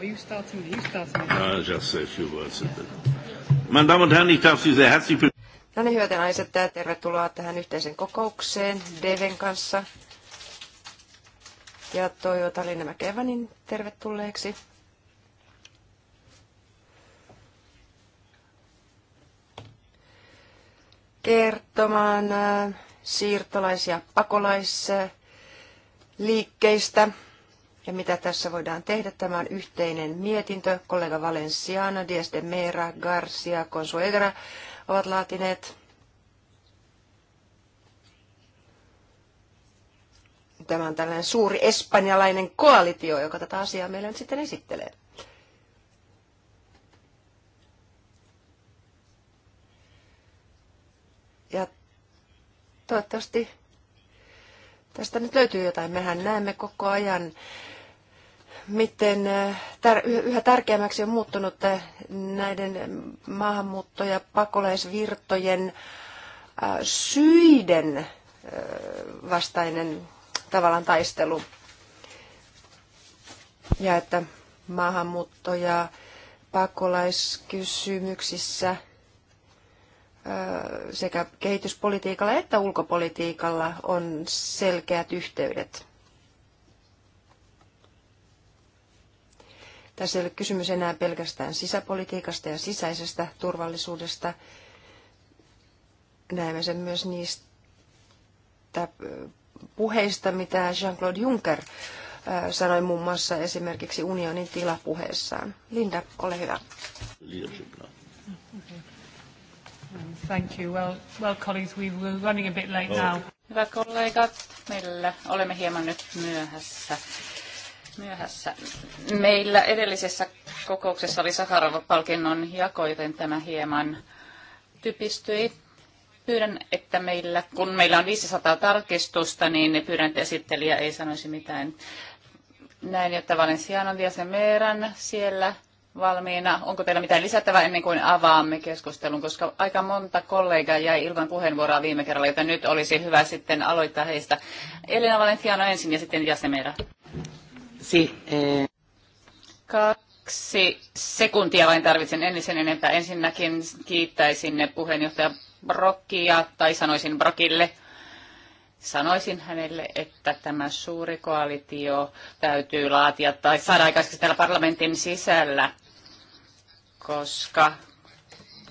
here. No, Damen und Herren, ich darf Sie sehr herzlich No niin, hyvät naiset, tervetuloa tähän yhteiseen kokoukseen Deven kanssa. Ja toivotan Linna Mäkevänin tervetulleeksi. Kertomaan äh, siirtolaisia, pakolaisliikkeistä. liikkeistä ja mitä tässä voidaan tehdä. Tämä on yhteinen mietintö. Kollega Valenciano, Dias de Mera, Garcia, Consuegra ovat laatineet. Tämä on tällainen suuri espanjalainen koalitio, joka tätä asiaa meillä nyt sitten esittelee. Ja toivottavasti tästä nyt löytyy jotain. Mehän näemme koko ajan miten äh, yhä tärkeämmäksi on muuttunut äh, näiden maahanmuutto- ja pakolaisvirtojen äh, syiden vastainen tavallaan taistelu. Ja että maahanmuutto- ja pakolaiskysymyksissä sekä kehityspolitiikalla että ulkopolitiikalla on selkeät yhteydet. Tässä ei ole kysymys enää pelkästään sisäpolitiikasta ja sisäisestä turvallisuudesta. Näemme sen myös niistä äh, puheista, mitä Jean-Claude Juncker äh, sanoi muun muassa esimerkiksi unionin tilapuheessaan. Linda, ole hyvä. Thank you. Well, well colleagues, we were running a bit late oh. now. Hyvät kollegat, meillä olemme hieman nyt myöhässä myöhässä. Meillä edellisessä kokouksessa oli Saharov-palkinnon jako, joten tämä hieman typistyi. Pyydän, että meillä, kun meillä on 500 tarkistusta, niin pyydän, että esittelijä ei sanoisi mitään. Näin, että Valenciano Diasen Meerän siellä valmiina. Onko teillä mitään lisättävää ennen kuin avaamme keskustelun, koska aika monta kollegaa jäi ilman puheenvuoroa viime kerralla, joten nyt olisi hyvä sitten aloittaa heistä. Elina Valentiano ensin ja sitten Jasemera. Si, eh... Kaksi sekuntia vain tarvitsen, en enempää. Ensinnäkin kiittäisin puheenjohtaja Brokkia, tai sanoisin Brokille, sanoisin hänelle, että tämä suuri koalitio täytyy laatia tai saada aikaiseksi täällä parlamentin sisällä, koska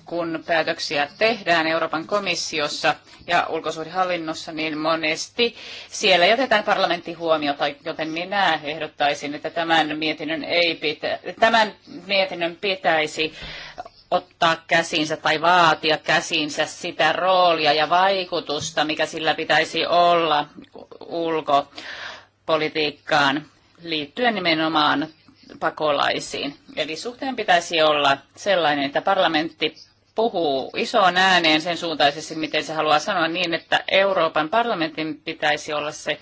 kun päätöksiä tehdään Euroopan komissiossa ja ulkosuhdehallinnossa, niin monesti siellä jätetään parlamentti huomiota, joten minä ehdottaisin, että tämän mietinnön, ei pitä, tämän mietinnön pitäisi ottaa käsiinsä tai vaatia käsiinsä sitä roolia ja vaikutusta, mikä sillä pitäisi olla ulkopolitiikkaan liittyen nimenomaan pakolaisiin. Eli suhteen pitäisi olla sellainen, että parlamentti puhuu isoon ääneen sen suuntaisesti, miten se haluaa sanoa niin, että Euroopan parlamentin pitäisi olla se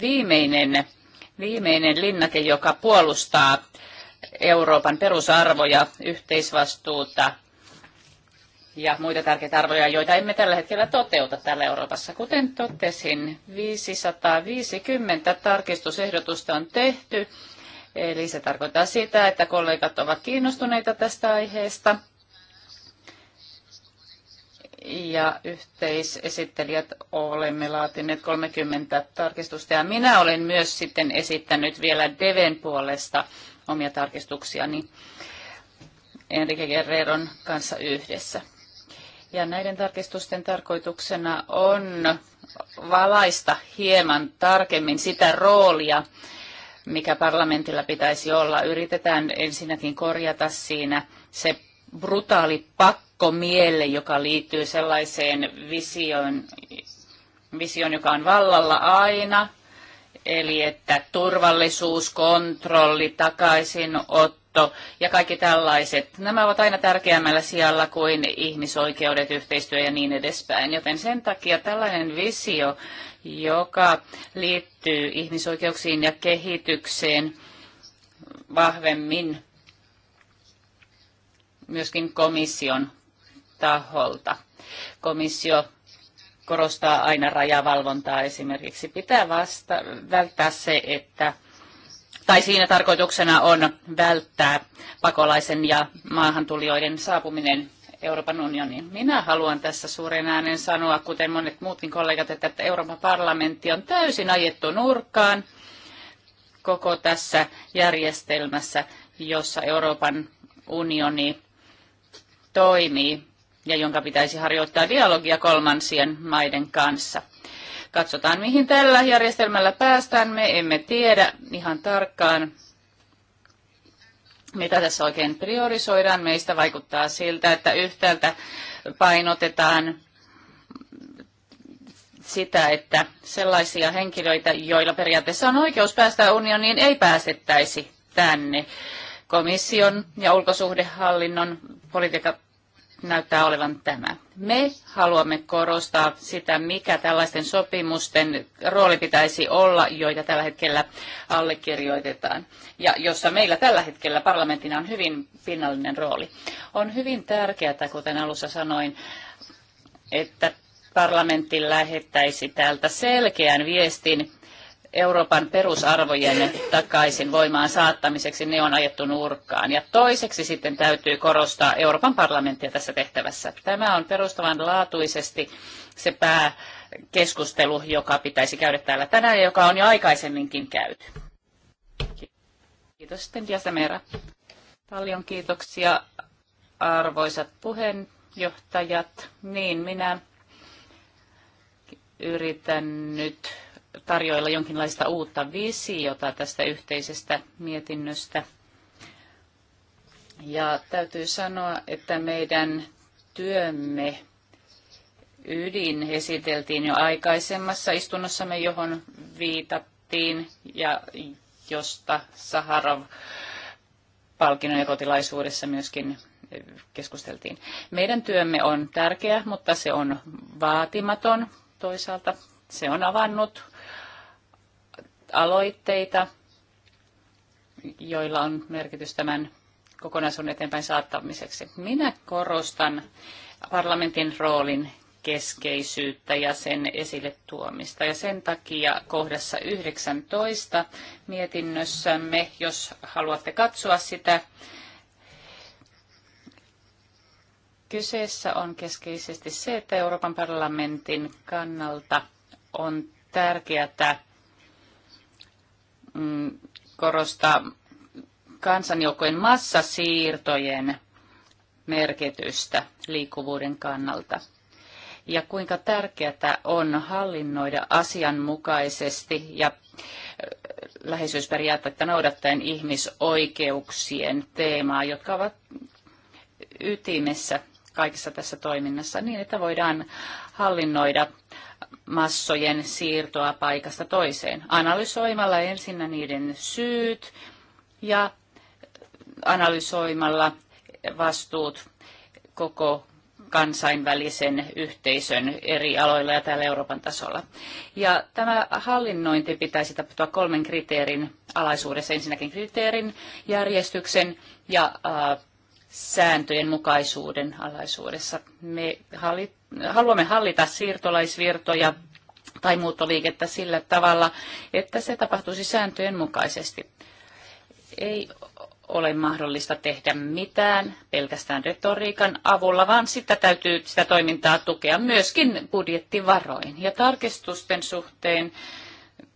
viimeinen, viimeinen linnake, joka puolustaa Euroopan perusarvoja, yhteisvastuuta ja muita tärkeitä arvoja, joita emme tällä hetkellä toteuta täällä Euroopassa. Kuten totesin, 550 tarkistusehdotusta on tehty, eli se tarkoittaa sitä, että kollegat ovat kiinnostuneita tästä aiheesta ja yhteisesittelijät olemme laatineet 30 tarkistusta ja minä olen myös sitten esittänyt vielä Deven puolesta omia tarkistuksiani Enrique Guerreron kanssa yhdessä. Ja näiden tarkistusten tarkoituksena on valaista hieman tarkemmin sitä roolia, mikä parlamentilla pitäisi olla. Yritetään ensinnäkin korjata siinä se brutaali pakko mielle, joka liittyy sellaiseen visioon, visioon, joka on vallalla aina, eli että turvallisuus, kontrolli, takaisinotto ja kaikki tällaiset, nämä ovat aina tärkeämmällä sijalla kuin ihmisoikeudet, yhteistyö ja niin edespäin. Joten sen takia tällainen visio, joka liittyy ihmisoikeuksiin ja kehitykseen vahvemmin myöskin komission taholta. Komissio korostaa aina rajavalvontaa esimerkiksi. Pitää vasta, välttää se, että tai siinä tarkoituksena on välttää pakolaisen ja maahantulijoiden saapuminen Euroopan unioniin. Minä haluan tässä suuren äänen sanoa, kuten monet muutkin kollegat, että Euroopan parlamentti on täysin ajettu nurkkaan koko tässä järjestelmässä, jossa Euroopan unioni toimii ja jonka pitäisi harjoittaa dialogia kolmansien maiden kanssa. Katsotaan, mihin tällä järjestelmällä päästään. Me emme tiedä ihan tarkkaan, mitä tässä oikein priorisoidaan. Meistä vaikuttaa siltä, että yhtäältä painotetaan sitä, että sellaisia henkilöitä, joilla periaatteessa on oikeus päästä unioniin, ei päästettäisi tänne. Komission ja ulkosuhdehallinnon politiikat näyttää olevan tämä. Me haluamme korostaa sitä, mikä tällaisten sopimusten rooli pitäisi olla, joita tällä hetkellä allekirjoitetaan, ja jossa meillä tällä hetkellä parlamentina on hyvin pinnallinen rooli. On hyvin tärkeää, kuten alussa sanoin, että parlamentti lähettäisi täältä selkeän viestin Euroopan perusarvojen takaisin voimaan saattamiseksi, ne on ajettu nurkkaan. Ja toiseksi sitten täytyy korostaa Euroopan parlamenttia tässä tehtävässä. Tämä on perustavanlaatuisesti se pääkeskustelu, joka pitäisi käydä täällä tänään ja joka on jo aikaisemminkin käyty. Kiitos sitten Diasamera. Paljon kiitoksia arvoisat puheenjohtajat. Niin minä yritän nyt tarjoilla jonkinlaista uutta visiota tästä yhteisestä mietinnöstä. Ja täytyy sanoa, että meidän työmme ydin esiteltiin jo aikaisemmassa istunnossamme, johon viitattiin ja josta Saharov palkinnon jakotilaisuudessa myöskin keskusteltiin. Meidän työmme on tärkeä, mutta se on vaatimaton toisaalta. Se on avannut aloitteita, joilla on merkitys tämän kokonaisuuden eteenpäin saattamiseksi. Minä korostan parlamentin roolin keskeisyyttä ja sen esille tuomista. Ja sen takia kohdassa 19 mietinnössämme, jos haluatte katsoa sitä, kyseessä on keskeisesti se, että Euroopan parlamentin kannalta on tärkeää Mm, korostaa kansanjoukkojen massasiirtojen merkitystä liikkuvuuden kannalta ja kuinka tärkeää on hallinnoida asianmukaisesti ja äh, läheisyysperiaatteita noudattaen ihmisoikeuksien teemaa, jotka ovat ytimessä kaikessa tässä toiminnassa niin, että voidaan hallinnoida massojen siirtoa paikasta toiseen, analysoimalla ensinnä niiden syyt ja analysoimalla vastuut koko kansainvälisen yhteisön eri aloilla ja täällä Euroopan tasolla. Ja tämä hallinnointi pitäisi tapahtua kolmen kriteerin alaisuudessa. Ensinnäkin kriteerin, järjestyksen ja äh, sääntöjen mukaisuuden alaisuudessa. Me hallit, haluamme hallita siirtolaisvirtoja tai muuttoliikettä sillä tavalla, että se tapahtuisi sääntöjen mukaisesti. Ei ole mahdollista tehdä mitään pelkästään retoriikan avulla, vaan sitä täytyy sitä toimintaa tukea myöskin budjettivaroin. Ja tarkistusten suhteen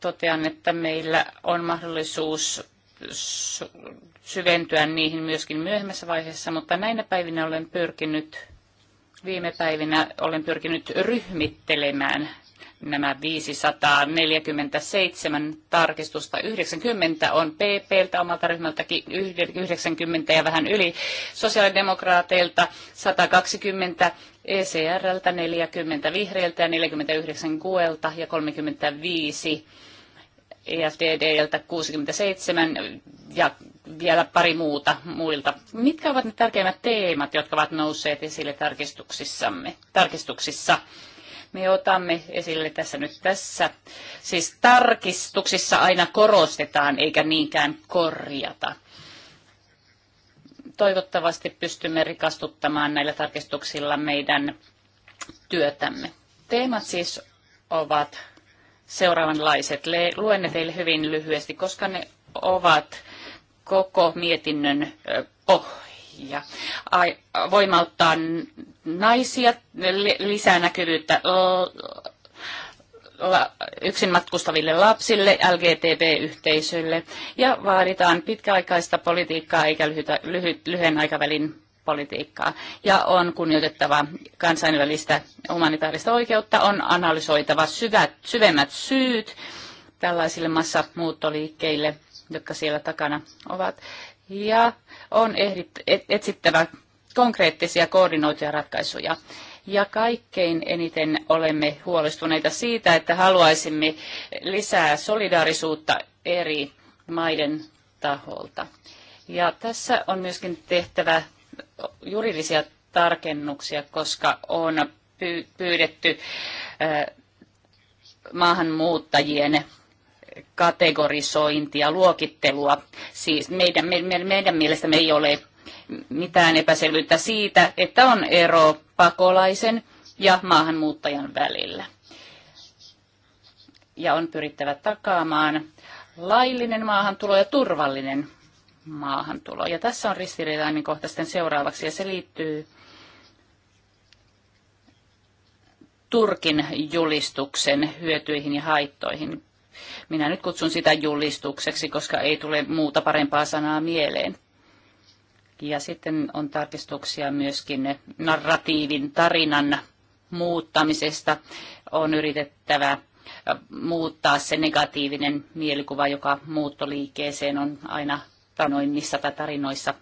totean, että meillä on mahdollisuus syventyä niihin myöskin myöhemmässä vaiheessa, mutta näinä päivinä olen pyrkinyt Viime päivinä olen pyrkinyt ryhmittelemään nämä 547 tarkistusta. 90 on PPltä omalta ryhmältäkin, 90 ja vähän yli sosiaalidemokraateilta, 120 ECRltä, 40 vihreiltä ja 49 GUElta ja 35 EFDDltä 67 ja vielä pari muuta muilta. Mitkä ovat ne tärkeimmät teemat, jotka ovat nousseet esille tarkistuksissamme, tarkistuksissa? Me otamme esille tässä nyt tässä. Siis tarkistuksissa aina korostetaan eikä niinkään korjata. Toivottavasti pystymme rikastuttamaan näillä tarkistuksilla meidän työtämme. Teemat siis ovat seuraavanlaiset. Luen ne teille hyvin lyhyesti, koska ne ovat koko mietinnön pohja. Ai, voimauttaa naisia, lisää näkyvyyttä yksin matkustaville lapsille, lgtb yhteisöille ja vaaditaan pitkäaikaista politiikkaa eikä lyhytä, lyhy, lyhyen aikavälin politiikkaa. Ja on kunnioitettava kansainvälistä humanitaarista oikeutta, on analysoitava syvät, syvemmät syyt tällaisille massamuuttoliikkeille jotka siellä takana ovat. Ja on ehdit, et, etsittävä konkreettisia koordinoituja ratkaisuja. Ja kaikkein eniten olemme huolestuneita siitä, että haluaisimme lisää solidaarisuutta eri maiden taholta. Ja tässä on myöskin tehtävä juridisia tarkennuksia, koska on pyydetty maahanmuuttajien kategorisointia, luokittelua. Siis meidän, meidän, meidän mielestämme ei ole mitään epäselvyyttä siitä, että on ero pakolaisen ja maahanmuuttajan välillä. Ja on pyrittävä takaamaan laillinen maahantulo ja turvallinen maahantulo. Ja tässä on ristiriitainen kohta sitten seuraavaksi, ja se liittyy Turkin julistuksen hyötyihin ja haittoihin. Minä nyt kutsun sitä julistukseksi, koska ei tule muuta parempaa sanaa mieleen. Ja sitten on tarkistuksia myöskin narratiivin tarinan muuttamisesta. On yritettävä muuttaa se negatiivinen mielikuva, joka muuttoliikkeeseen on aina tanoimmissa tai tarinoissa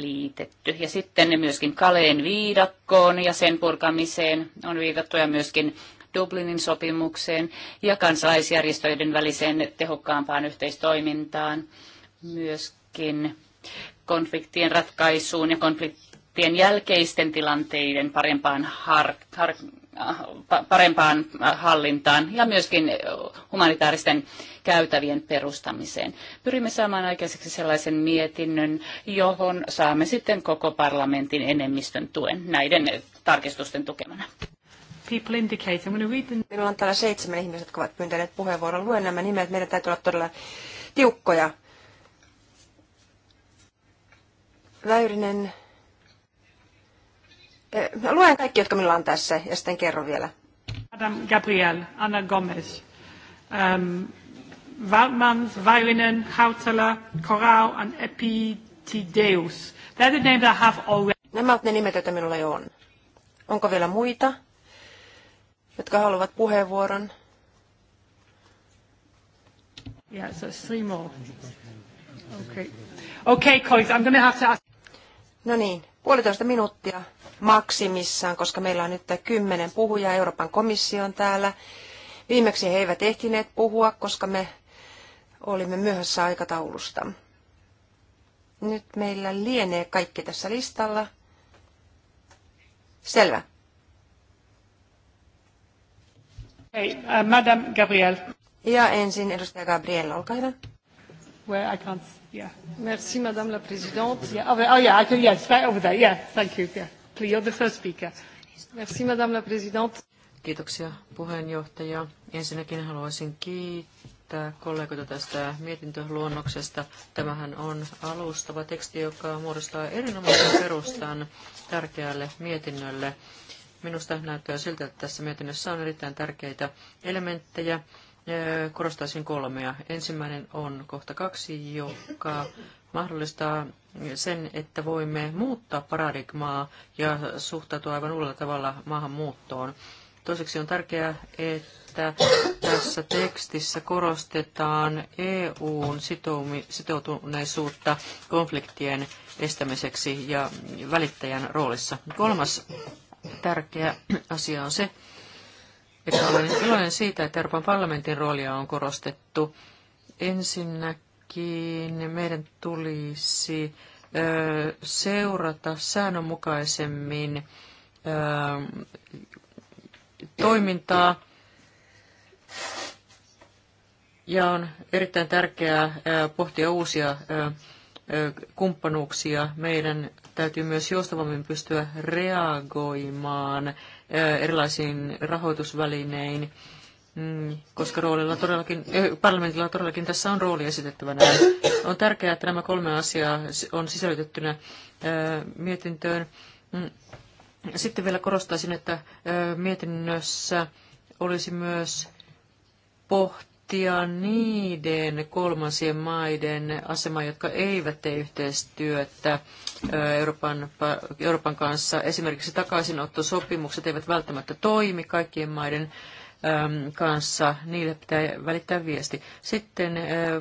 liitetty. Ja sitten myöskin Kaleen viidakkoon ja sen purkamiseen on viitattu ja myöskin Dublinin sopimukseen ja kansalaisjärjestöiden väliseen tehokkaampaan yhteistoimintaan, myöskin konfliktien ratkaisuun ja konfliktien jälkeisten tilanteiden parempaan har, har, parempaan hallintaan ja myöskin humanitaaristen käytävien perustamiseen. Pyrimme saamaan aikaiseksi sellaisen mietinnön, johon saamme sitten koko parlamentin enemmistön tuen näiden tarkistusten tukemana people indicate. I'm going to read them. Minulla on täällä seitsemän ihmiset, jotka ovat pyyntäneet puheenvuoron. Luen nämä nimet. Meidän täytyy olla todella tiukkoja. Väyrinen. Eh, mä luen kaikki, jotka minulla on tässä, ja sitten kerron vielä. Adam Gabriel, Anna Gomez, um, ähm, Valmans, Väyrinen, Hautala, Corau and Epitideus. the names I have already. Nämä ovat ne nimet, joita minulla jo on. Onko vielä muita? jotka haluavat puheenvuoron. No niin, puolitoista minuuttia maksimissaan, koska meillä on nyt kymmenen puhujaa Euroopan komission täällä. Viimeksi he eivät ehtineet puhua, koska me olimme myöhässä aikataulusta. Nyt meillä lienee kaikki tässä listalla. Selvä. Hei, uh, Ja ensin edustaja Gabriel, olkaa hyvä. Where I can't, yeah. Merci, Madame la Présidente. Yeah, oh, oh yeah, I can, yes, right over there, yeah, thank you, yeah. Please, you're the first speaker. Merci, Madame la Présidente. Kiitoksia puheenjohtaja. Ensinnäkin haluaisin kiittää kollegoita tästä mietintöluonnoksesta. Tämähän on alustava teksti, joka muodostaa erinomaisen perustan tärkeälle mietinnölle. Minusta näyttää siltä, että tässä mietinnössä on erittäin tärkeitä elementtejä. Korostaisin kolmea. Ensimmäinen on kohta kaksi, joka mahdollistaa sen, että voimme muuttaa paradigmaa ja suhtautua aivan uudella tavalla maahanmuuttoon. Toiseksi on tärkeää, että tässä tekstissä korostetaan EUn sitoutuneisuutta konfliktien estämiseksi ja välittäjän roolissa. Kolmas tärkeä asia on se, että olen iloinen siitä, että Euroopan parlamentin roolia on korostettu. Ensinnäkin meidän tulisi seurata säännönmukaisemmin toimintaa. Ja on erittäin tärkeää pohtia uusia kumppanuuksia, meidän täytyy myös joustavammin pystyä reagoimaan erilaisiin rahoitusvälinein, mm, koska roolilla todellakin, parlamentilla todellakin tässä on rooli esitettävänä. On tärkeää, että nämä kolme asiaa on sisällytettynä mietintöön. Mm. Sitten vielä korostaisin, että mietinnössä olisi myös pohti pohtia niiden kolmansien maiden asemaa, jotka eivät tee yhteistyötä Euroopan, Euroopan kanssa. Esimerkiksi takaisinottosopimukset eivät välttämättä toimi kaikkien maiden kanssa, niille pitää välittää viesti. Sitten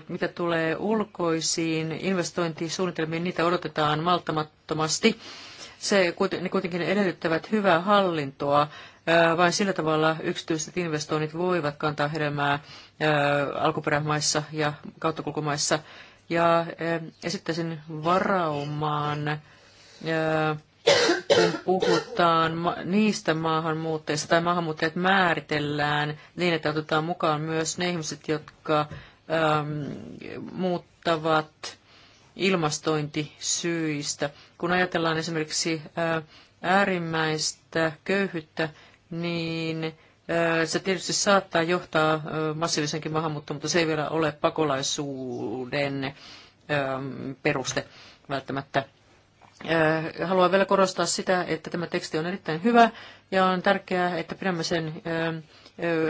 mitä tulee ulkoisiin investointisuunnitelmiin, niitä odotetaan malttamattomasti. Se, ne kuitenkin edellyttävät hyvää hallintoa vain sillä tavalla yksityiset investoinnit voivat kantaa hedelmää alkuperämaissa ja kauttakulkumaissa. Ja esittäisin varaumaan, kun puhutaan niistä maahanmuuttajista tai maahanmuuttajat määritellään niin, että otetaan mukaan myös ne ihmiset, jotka muuttavat ilmastointisyistä. Kun ajatellaan esimerkiksi äärimmäistä köyhyyttä, niin se tietysti saattaa johtaa massiivisenkin maahanmuuttoon, mutta se ei vielä ole pakolaisuuden peruste välttämättä. Haluan vielä korostaa sitä, että tämä teksti on erittäin hyvä ja on tärkeää, että pidämme sen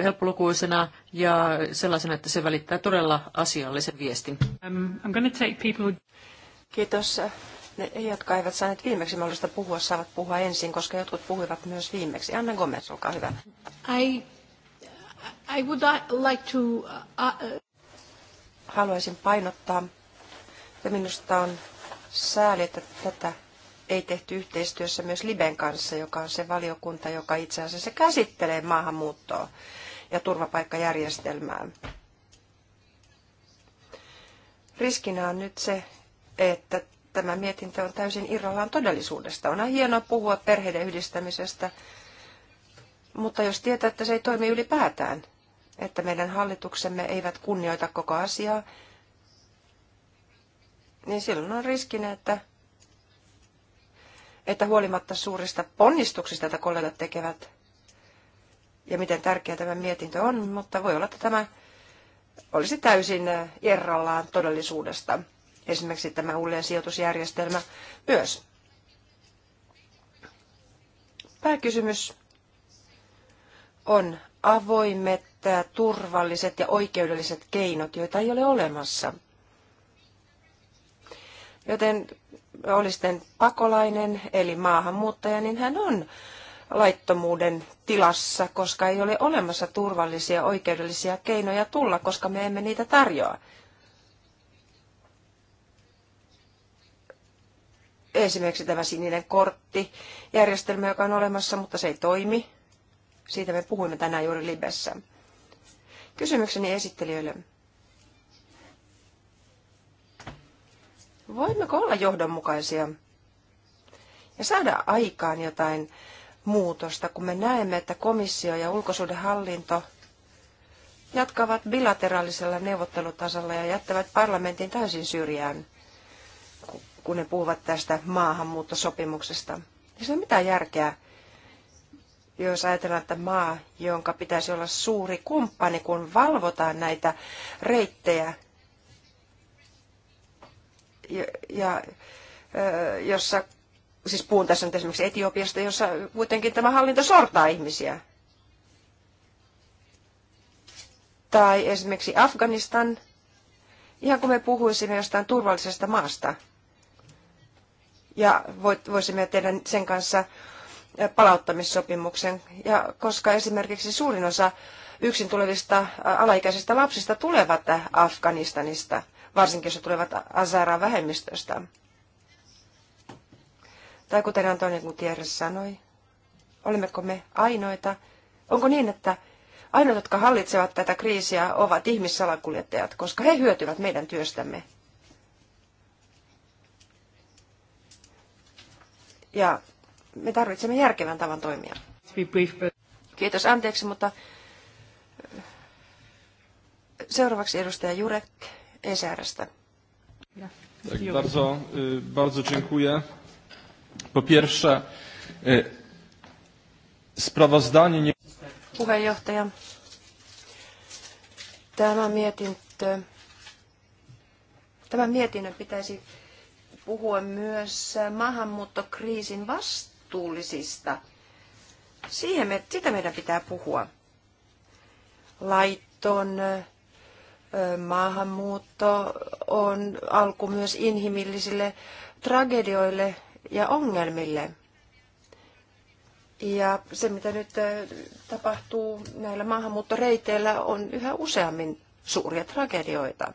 helppolukuisena ja sellaisena, että se välittää todella asiallisen viestin. Um, I'm take people... Kiitos. Ne, jotka eivät saaneet viimeksi mahdollista puhua, saavat puhua ensin, koska jotkut puhuivat myös viimeksi. Anna Gomez, olkaa hyvä. I, I would like to, uh, uh, Haluaisin painottaa, että minusta on sääli, että tätä ei tehty yhteistyössä myös Liben kanssa, joka on se valiokunta, joka itse asiassa käsittelee maahanmuuttoa ja turvapaikkajärjestelmää. Riskinä on nyt se, että tämä mietintö on täysin irrallaan todellisuudesta. On hienoa puhua perheiden yhdistämisestä, mutta jos tietää, että se ei toimi ylipäätään, että meidän hallituksemme eivät kunnioita koko asiaa, niin silloin on riskinä, että, että huolimatta suurista ponnistuksista, joita kollegat tekevät, ja miten tärkeä tämä mietintö on, mutta voi olla, että tämä olisi täysin irrallaan todellisuudesta esimerkiksi tämä uudelleen sijoitusjärjestelmä myös. Pääkysymys on avoimet, turvalliset ja oikeudelliset keinot, joita ei ole olemassa. Joten oli sitten pakolainen eli maahanmuuttaja, niin hän on laittomuuden tilassa, koska ei ole olemassa turvallisia oikeudellisia keinoja tulla, koska me emme niitä tarjoa. esimerkiksi tämä sininen kortti järjestelmä, joka on olemassa, mutta se ei toimi. Siitä me puhuimme tänään juuri Libessä. Kysymykseni esittelijöille. Voimmeko olla johdonmukaisia ja saada aikaan jotain muutosta, kun me näemme, että komissio ja ulkosuudenhallinto jatkavat bilateraalisella neuvottelutasolla ja jättävät parlamentin täysin syrjään? kun ne puhuvat tästä maahanmuuttosopimuksesta. Ei ole mitään järkeä, jos ajatellaan, että maa, jonka pitäisi olla suuri kumppani, kun valvotaan näitä reittejä, ja, ja jossa, siis puhun tässä nyt esimerkiksi Etiopiasta, jossa kuitenkin tämä hallinto sortaa ihmisiä. Tai esimerkiksi Afganistan, ihan kun me puhuisimme jostain turvallisesta maasta – ja voisimme tehdä sen kanssa palauttamissopimuksen. Ja koska esimerkiksi suurin osa yksin tulevista alaikäisistä lapsista tulevat Afganistanista, varsinkin jos he tulevat Azaran vähemmistöstä. Tai kuten Antonio Gutierrez sanoi, olemmeko me ainoita? Onko niin, että ainoat, jotka hallitsevat tätä kriisiä, ovat ihmissalakuljettajat, koska he hyötyvät meidän työstämme? ja me tarvitsemme järkevän tavan toimia. Kiitos, anteeksi, mutta seuraavaksi edustaja Jurek Esäärästä. Tak, bardzo, bardzo dziękuję. Po pierwsze, sprawozdanie nie... Puheenjohtaja, tämä mietintö, tämän mietinnön pitäisi puhua myös maahanmuuttokriisin vastuullisista. Siihen me, sitä meidän pitää puhua. Laiton maahanmuutto on alku myös inhimillisille tragedioille ja ongelmille. Ja se, mitä nyt tapahtuu näillä maahanmuuttoreiteillä, on yhä useammin suuria tragedioita.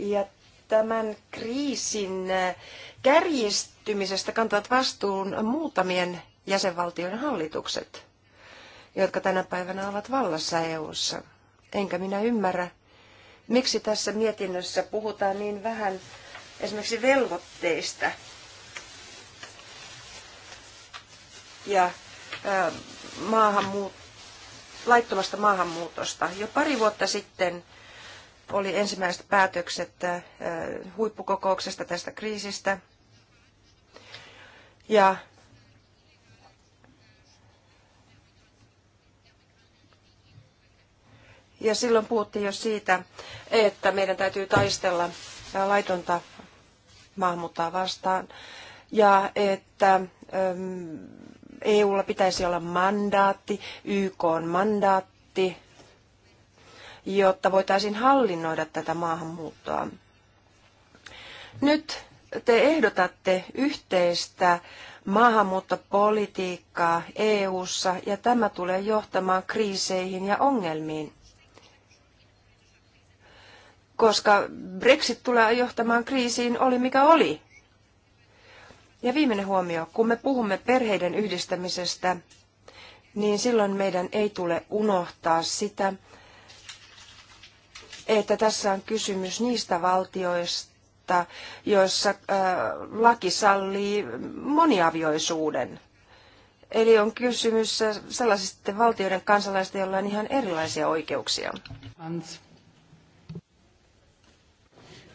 Ja tämän kriisin äh, kärjistymisestä kantavat vastuun muutamien jäsenvaltioiden hallitukset, jotka tänä päivänä ovat vallassa EU:ssa. Enkä minä ymmärrä, miksi tässä mietinnössä puhutaan niin vähän esimerkiksi velvoitteista ja äh, maahanmuut- laittomasta maahanmuutosta. Jo pari vuotta sitten oli ensimmäiset päätökset äh, huippukokouksesta tästä kriisistä. Ja Ja silloin puhuttiin jo siitä, että meidän täytyy taistella laitonta maahanmuuttoa vastaan ja että EUlla pitäisi olla mandaatti, YK on mandaatti jotta voitaisiin hallinnoida tätä maahanmuuttoa. Nyt te ehdotatte yhteistä maahanmuuttopolitiikkaa EU:ssa ja tämä tulee johtamaan kriiseihin ja ongelmiin. Koska Brexit tulee johtamaan kriisiin oli mikä oli. Ja viimeinen huomio, kun me puhumme perheiden yhdistämisestä, niin silloin meidän ei tule unohtaa sitä, että tässä on kysymys niistä valtioista, joissa laki sallii moniavioisuuden. Eli on kysymys sellaisista valtioiden kansalaisista, joilla on ihan erilaisia oikeuksia. Hans.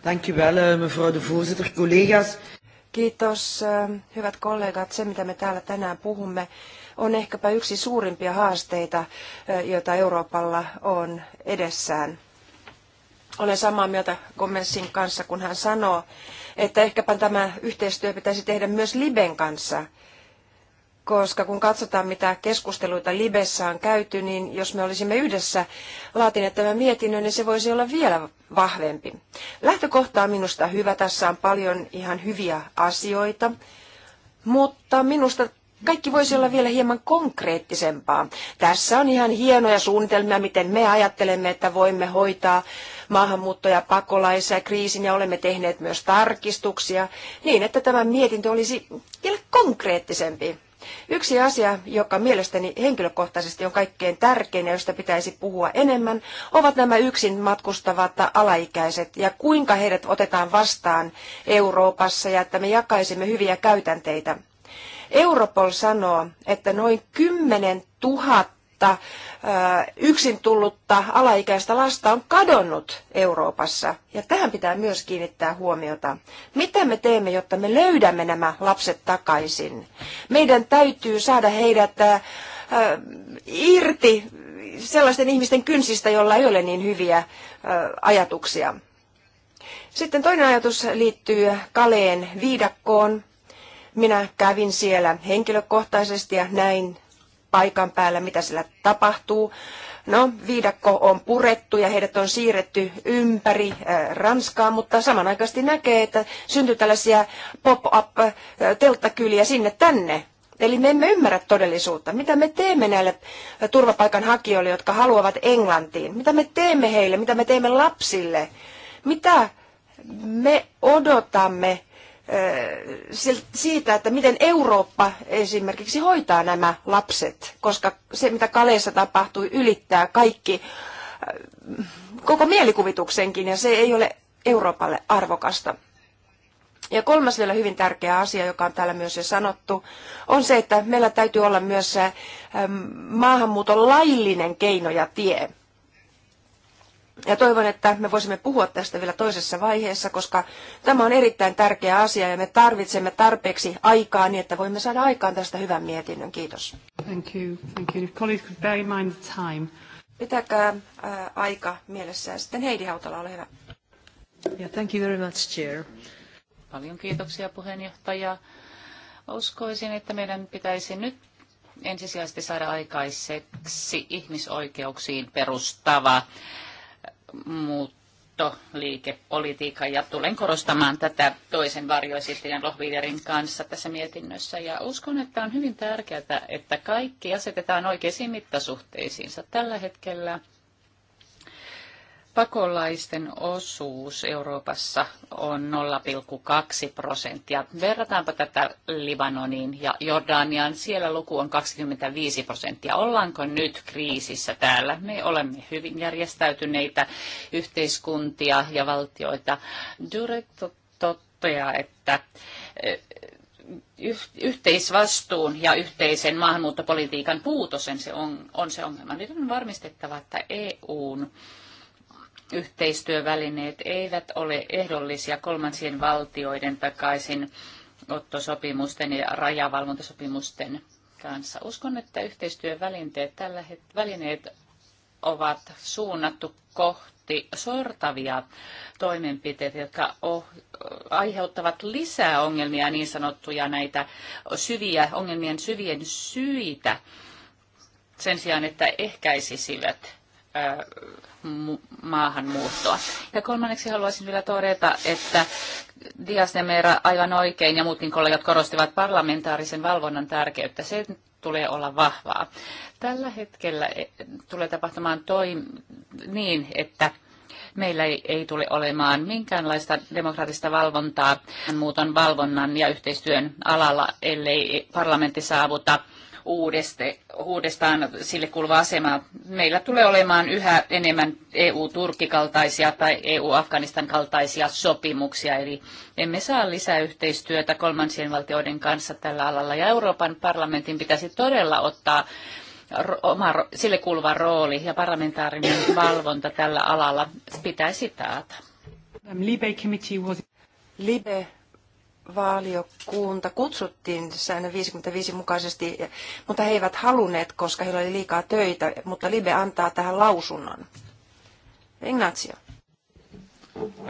Dank u wel, eh, mevrouw de voorzitter, collega's. Kiitos, eh, hyvät kollegat. Se, mitä me täällä tänään puhumme, on ehkäpä yksi suurimpia haasteita, eh, joita Euroopalla on edessään. Olen samaa mieltä Gomezin kanssa, kun hän sanoo, että ehkäpä tämä yhteistyö pitäisi tehdä myös Liben kanssa, koska kun katsotaan, mitä keskusteluita Libessä on käyty, niin jos me olisimme yhdessä laatineet tämän mietinnön, niin se voisi olla vielä vahvempi. Lähtökohta on minusta hyvä. Tässä on paljon ihan hyviä asioita, mutta minusta kaikki voisi olla vielä hieman konkreettisempaa. Tässä on ihan hienoja suunnitelmia, miten me ajattelemme, että voimme hoitaa maahanmuutto- ja pakolaisia kriisin ja olemme tehneet myös tarkistuksia niin, että tämä mietintö olisi vielä konkreettisempi. Yksi asia, joka mielestäni henkilökohtaisesti on kaikkein tärkein ja josta pitäisi puhua enemmän, ovat nämä yksin matkustavat alaikäiset ja kuinka heidät otetaan vastaan Euroopassa ja että me jakaisimme hyviä käytänteitä. Europol sanoo, että noin 10 000 tuhatta äh, yksin tullutta alaikäistä lasta on kadonnut Euroopassa. Ja tähän pitää myös kiinnittää huomiota. Mitä me teemme, jotta me löydämme nämä lapset takaisin? Meidän täytyy saada heidät äh, äh, irti sellaisten ihmisten kynsistä, joilla ei ole niin hyviä ajatuksia. Sitten toinen ajatus liittyy Kaleen viidakkoon. Minä kävin siellä henkilökohtaisesti ja näin paikan päällä, mitä sillä tapahtuu. No, viidakko on purettu ja heidät on siirretty ympäri äh, Ranskaa, mutta samanaikaisesti näkee, että syntyy tällaisia pop-up-telttakyliä äh, sinne tänne. Eli me emme ymmärrä todellisuutta. Mitä me teemme näille äh, turvapaikanhakijoille, jotka haluavat Englantiin? Mitä me teemme heille? Mitä me teemme lapsille? Mitä me odotamme siitä, että miten Eurooppa esimerkiksi hoitaa nämä lapset, koska se, mitä Kaleessa tapahtui, ylittää kaikki koko mielikuvituksenkin, ja se ei ole Euroopalle arvokasta. Ja kolmas vielä hyvin tärkeä asia, joka on täällä myös jo sanottu, on se, että meillä täytyy olla myös maahanmuuton laillinen keino ja tie. Ja toivon, että me voisimme puhua tästä vielä toisessa vaiheessa, koska tämä on erittäin tärkeä asia ja me tarvitsemme tarpeeksi aikaa niin, että voimme saada aikaan tästä hyvän mietinnön. Kiitos. Thank you. Thank you. If colleagues could bear in mind the time. Pitäkää ää, äh, aika mielessä ja Sitten Heidi Hautala, ole hyvä. Yeah, thank you very much, Chair. Paljon kiitoksia puheenjohtaja. Uskoisin, että meidän pitäisi nyt ensisijaisesti saada aikaiseksi ihmisoikeuksiin perustava muuttoliikepolitiikan ja tulen korostamaan tätä toisen varjoesittelijän Lohviiderin kanssa tässä mietinnössä. Ja uskon, että on hyvin tärkeää, että kaikki asetetaan oikeisiin mittasuhteisiinsa. Tällä hetkellä Pakolaisten osuus Euroopassa on 0,2 prosenttia. Verrataanpa tätä Libanoniin ja Jordaniaan. Siellä luku on 25 prosenttia. Ollaanko nyt kriisissä täällä? Me olemme hyvin järjestäytyneitä yhteiskuntia ja valtioita. Durek toteaa, että e, yhteisvastuun ja yhteisen maahanmuuttopolitiikan puutos on se ongelma. Nyt on varmistettava, että EUn yhteistyövälineet eivät ole ehdollisia kolmansien valtioiden takaisin ottosopimusten ja rajavalvontasopimusten kanssa. Uskon, että yhteistyövälineet tällä välineet ovat suunnattu kohti sortavia toimenpiteitä, jotka oh- aiheuttavat lisää ongelmia, niin sanottuja näitä syviä, ongelmien syvien syitä sen sijaan, että ehkäisisivät maahanmuuttoa. Ja kolmanneksi haluaisin vielä todeta, että Dias Mera aivan oikein ja muutkin kollegat korostivat parlamentaarisen valvonnan tärkeyttä. Se tulee olla vahvaa. Tällä hetkellä e, tulee tapahtumaan toi, niin, että meillä ei, ei tule olemaan minkäänlaista demokraattista valvontaa muuton valvonnan ja yhteistyön alalla, ellei parlamentti saavuta uudestaan sille kuuluva asema. Meillä tulee olemaan yhä enemmän EU-Turkki-kaltaisia tai EU-Afganistan-kaltaisia sopimuksia, eli emme saa lisää yhteistyötä kolmansien valtioiden kanssa tällä alalla. Ja Euroopan parlamentin pitäisi todella ottaa oma, sille kuuluva rooli ja parlamentaarinen valvonta tällä alalla pitäisi taata. Libe vaaliokunta kutsuttiin säännön 55 mukaisesti, mutta he eivät halunneet, koska heillä oli liikaa töitä, mutta Libe antaa tähän lausunnon. Ignazio.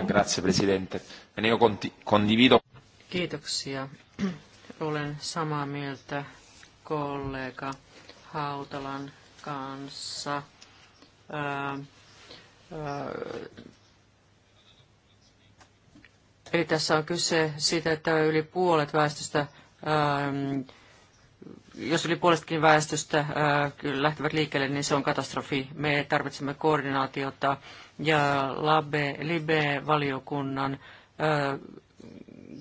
Grazie, Presidente. Io niin condivido... Kiitoksia. Olen samaa mieltä kollega Hautalan kanssa. Eli tässä on kyse siitä, että yli puolet väestöstä, ähm, jos yli puolestakin väestöstä äh, lähtevät liikkeelle, niin se on katastrofi. Me tarvitsemme koordinaatiota ja LIBE-valiokunnan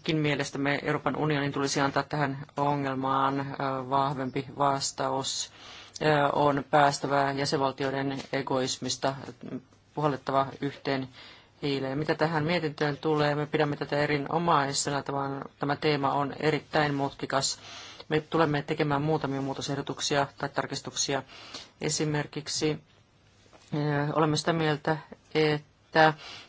Kin äh, me Euroopan unionin tulisi antaa tähän ongelmaan äh, vahvempi vastaus. On päästävä jäsenvaltioiden egoismista puhallettava yhteen hiileen. Mitä tähän mietintöön tulee, me pidämme tätä erinomaisena. Tämä teema on erittäin mutkikas. Me tulemme tekemään muutamia muutosehdotuksia tai tarkistuksia. Esimerkiksi eh, olemme sitä mieltä, että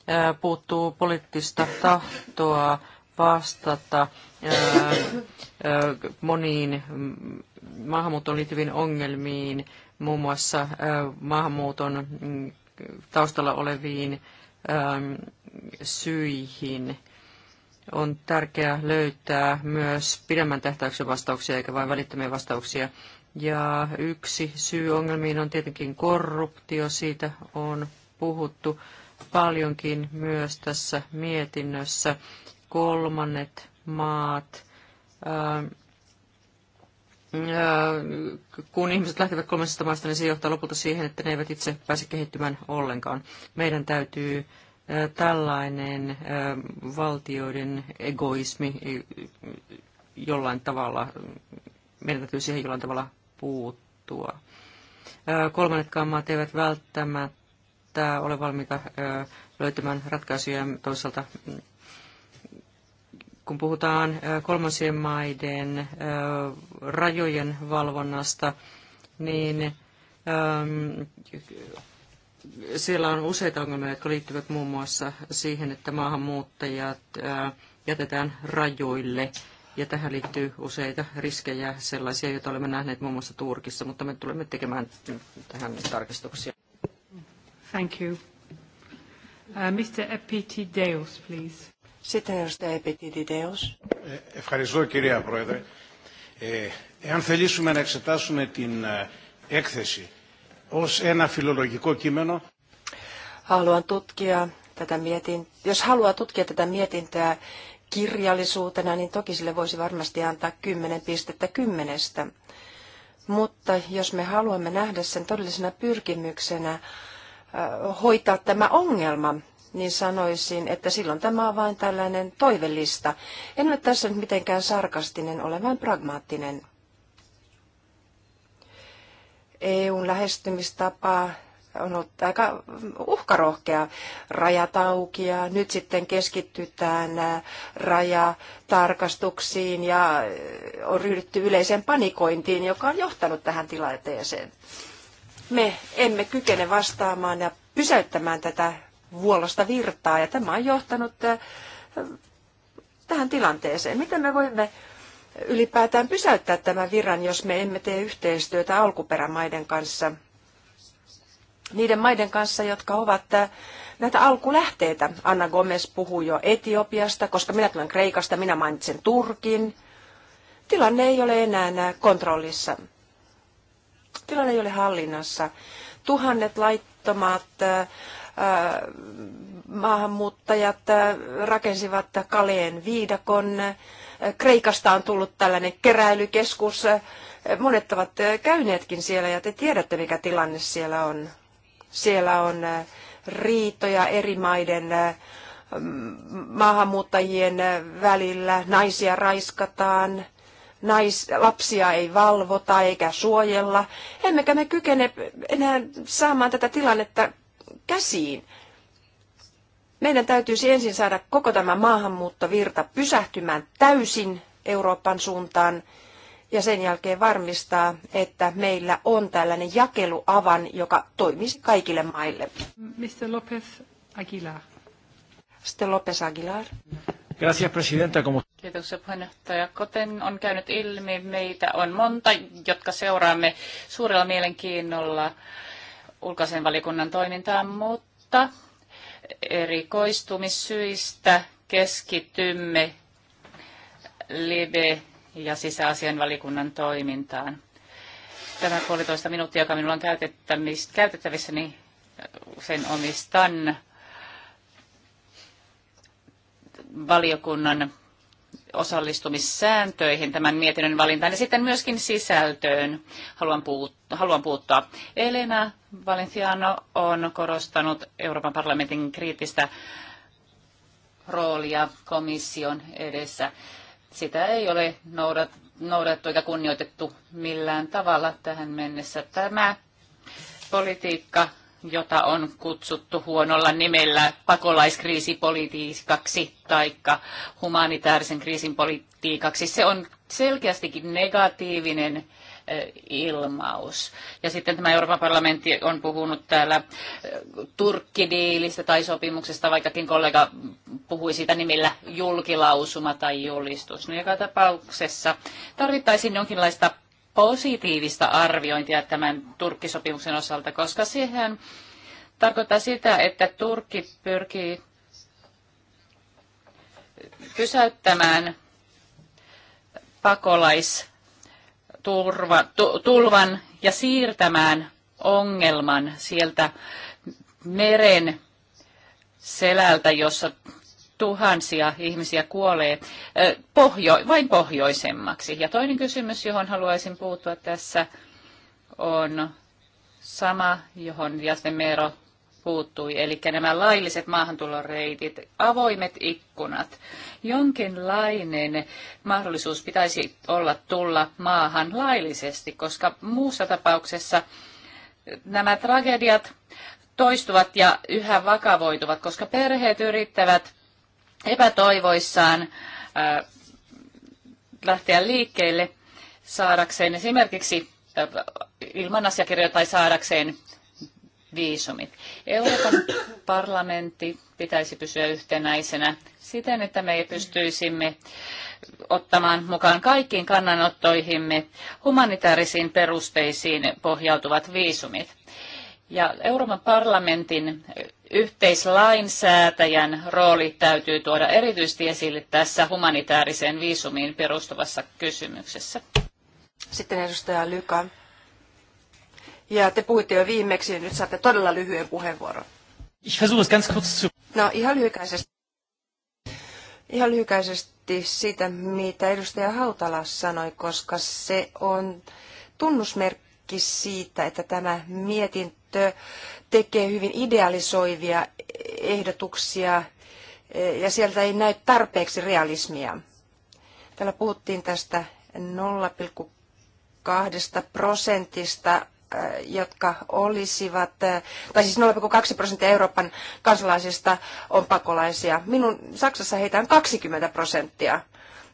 eh, puuttuu poliittista tahtoa vastata eh, moniin mm, maahanmuuttoon liittyviin ongelmiin, muun muassa maahanmuuton mm, taustalla oleviin Ähm, syihin. On tärkeää löytää myös pidemmän tähtäyksen vastauksia eikä vain välittömiä vastauksia. Ja yksi syy ongelmiin on tietenkin korruptio, siitä on puhuttu paljonkin myös tässä mietinnössä. Kolmannet maat, ähm, kun ihmiset lähtevät kolmesta maasta, niin se johtaa lopulta siihen, että ne eivät itse pääse kehittymään ollenkaan. Meidän täytyy tällainen valtioiden egoismi jollain tavalla, meidän täytyy siihen jollain tavalla puuttua. Kolmannetkaan maat eivät välttämättä ole valmiita löytämään ratkaisuja toisaalta kun puhutaan kolmansien maiden rajojen valvonnasta, niin siellä on useita ongelmia, jotka liittyvät muun muassa siihen, että maahanmuuttajat jätetään rajoille. Ja tähän liittyy useita riskejä, sellaisia, joita olemme nähneet muun muassa Turkissa, mutta me tulemme tekemään tähän tarkistuksia. Thank you. Uh, Mr. Epitideos, please. Ευχαριστώ κυρία Πρόεδρε. Ε, εάν θελήσουμε να εξετάσουμε την έκθεση ως ένα φιλολογικό κείμενο... Haluan tutkia tätä mietin, jos haluaa tutkia tätä mietintää kirjallisuutena, niin toki sille voisi varmasti antaa 10 pistettä kymmenestä. Mutta jos me haluamme nähdä sen todellisena pyrkimyksenä hoitaa tämä ongelma, niin sanoisin, että silloin tämä on vain tällainen toivellista. En ole tässä nyt mitenkään sarkastinen, olen vain pragmaattinen. EUn lähestymistapa on ollut aika uhkarohkea. Rajat auki ja nyt sitten keskitytään rajatarkastuksiin ja on ryhdytty yleiseen panikointiin, joka on johtanut tähän tilanteeseen. Me emme kykene vastaamaan ja pysäyttämään tätä vuolosta virtaa ja tämä on johtanut tähän tilanteeseen. Miten me voimme ylipäätään pysäyttää tämän virran, jos me emme tee yhteistyötä alkuperämaiden kanssa, niiden maiden kanssa, jotka ovat näitä alkulähteitä. Anna Gomez puhuu jo Etiopiasta, koska minä tulen Kreikasta, minä mainitsen Turkin. Tilanne ei ole enää kontrollissa. Tilanne ei ole hallinnassa. Tuhannet laittomat Äh, maahanmuuttajat äh, rakensivat Kaleen viidakon. Kreikasta on tullut tällainen keräilykeskus. Äh, monet ovat käyneetkin siellä ja te tiedätte, mikä tilanne siellä on. Siellä on riitoja eri maiden maahanmuuttajien välillä, naisia raiskataan, nais, lapsia ei valvota eikä suojella. Emmekä me kykene enää saamaan tätä tilannetta käsiin. Meidän täytyisi ensin saada koko tämä maahanmuuttovirta pysähtymään täysin Euroopan suuntaan ja sen jälkeen varmistaa, että meillä on tällainen jakeluavan, joka toimisi kaikille maille. Mr. Lopez Aguilar. Mr. Lopez Aguilar. Gracias, presidenta. Como... Kiitos, puheenjohtaja. Kuten on käynyt ilmi, meitä on monta, jotka seuraamme suurella mielenkiinnolla ulkoasianvaliokunnan toimintaa, mutta erikoistumissyistä keskitymme Libe- ja sisäasiainvaliokunnan toimintaan. Tämä puolitoista minuuttia, joka minulla on käytettävissä, niin sen omistan valiokunnan osallistumissääntöihin tämän mietinnön valintaan ja sitten myöskin sisältöön haluan, puut- haluan puuttua. Elena Valenciano on korostanut Euroopan parlamentin kriittistä roolia komission edessä. Sitä ei ole noudattu eikä kunnioitettu millään tavalla tähän mennessä. Tämä politiikka jota on kutsuttu huonolla nimellä pakolaiskriisipolitiikaksi tai humanitaarisen kriisin politiikaksi. Se on selkeästikin negatiivinen eh, ilmaus. Ja sitten tämä Euroopan parlamentti on puhunut täällä eh, Turkkidiilistä tai sopimuksesta, vaikkakin kollega puhui siitä nimellä julkilausuma tai julistus. No joka tapauksessa tarvittaisiin jonkinlaista positiivista arviointia tämän Turkkisopimuksen osalta, koska siihen tarkoittaa sitä, että Turkki pyrkii pysäyttämään pakolaistulvan ja siirtämään ongelman sieltä meren selältä, jossa tuhansia ihmisiä kuolee pohjo, vain pohjoisemmaksi. Ja toinen kysymys, johon haluaisin puuttua tässä, on sama, johon Jasnemero puuttui, eli nämä lailliset maahantuloreitit, avoimet ikkunat. Jonkinlainen mahdollisuus pitäisi olla tulla maahan laillisesti, koska muussa tapauksessa nämä tragediat toistuvat ja yhä vakavoituvat, koska perheet yrittävät epätoivoissaan lähteä liikkeelle saadakseen esimerkiksi ilman asiakirjoja tai saadakseen viisumit. Euroopan parlamentti pitäisi pysyä yhtenäisenä siten, että me pystyisimme ottamaan mukaan kaikkiin kannanottoihimme humanitaarisiin perusteisiin pohjautuvat viisumit. Ja Euroopan parlamentin Yhteislainsäätäjän rooli täytyy tuoda erityisesti esille tässä humanitaariseen viisumiin perustuvassa kysymyksessä. Sitten edustaja Lyka. Ja te puhuitte jo viimeksi, ja nyt saatte todella lyhyen puheenvuoron. Ich versuche es ganz kurz zu... No ihan lyhykäisesti. Ihan lyhykäisesti siitä, mitä edustaja Hautala sanoi, koska se on tunnusmerkki siitä, että tämä mietintö tekee hyvin idealisoivia ehdotuksia eh, ja sieltä ei näy tarpeeksi realismia. Täällä puhuttiin tästä 0,2 prosentista, eh, jotka olisivat, eh, tai siis 0,2 prosenttia Euroopan kansalaisista on pakolaisia. Minun Saksassa heitä on 20 prosenttia.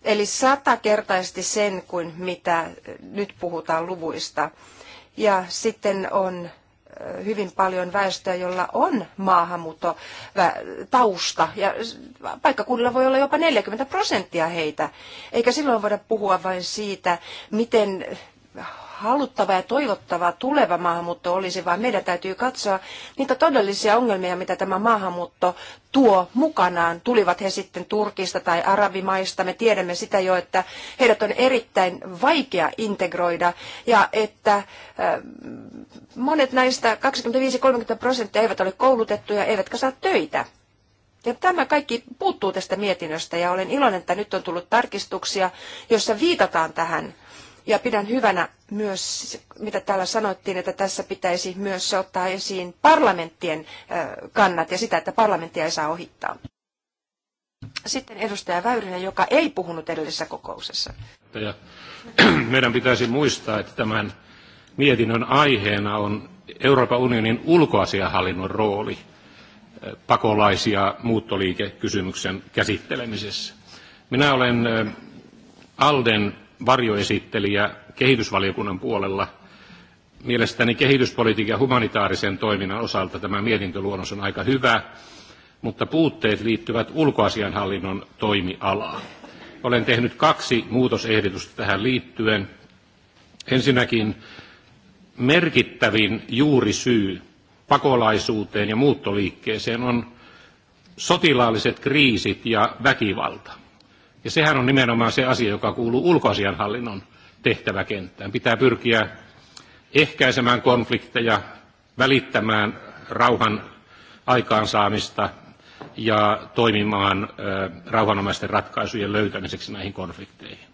Eli satakertaisesti sen kuin mitä nyt puhutaan luvuista. Ja sitten on hyvin paljon väestöä, jolla on maahanmuutto tausta ja paikkakunnilla voi olla jopa 40 prosenttia heitä. Eikä silloin voida puhua vain siitä, miten haluttava ja toivottava tuleva maahanmuutto olisi, vaan meidän täytyy katsoa niitä todellisia ongelmia, mitä tämä maahanmuutto tuo mukanaan. Tulivat he sitten Turkista tai Arabimaista, me tiedämme sitä jo, että heidät on erittäin vaikea integroida ja että äh, monet näistä 25-30 prosenttia eivät ole koulutettuja eivätkä saa töitä. Ja tämä kaikki puuttuu tästä mietinnöstä ja olen iloinen, että nyt on tullut tarkistuksia, joissa viitataan tähän ja pidän hyvänä myös, mitä täällä sanottiin, että tässä pitäisi myös ottaa esiin parlamenttien kannat ja sitä, että parlamenttia ei saa ohittaa. Sitten edustaja Väyrynen, joka ei puhunut edellisessä kokouksessa. Ja meidän pitäisi muistaa, että tämän mietinnön aiheena on Euroopan unionin ulkoasiahallinnon rooli pakolaisia muuttoliikekysymyksen käsittelemisessä. Minä olen Alden varjoesittelijä kehitysvaliokunnan puolella. Mielestäni kehityspolitiikan ja humanitaarisen toiminnan osalta tämä mietintöluonnos on aika hyvä, mutta puutteet liittyvät ulkoasianhallinnon toimialaan. Olen tehnyt kaksi muutosehdotusta tähän liittyen. Ensinnäkin merkittävin juurisyy pakolaisuuteen ja muuttoliikkeeseen on sotilaalliset kriisit ja väkivalta. Ja sehän on nimenomaan se asia, joka kuuluu ulkoasianhallinnon tehtäväkenttään. Pitää pyrkiä ehkäisemään konflikteja, välittämään rauhan aikaansaamista ja toimimaan rauhanomaisten ratkaisujen löytämiseksi näihin konflikteihin.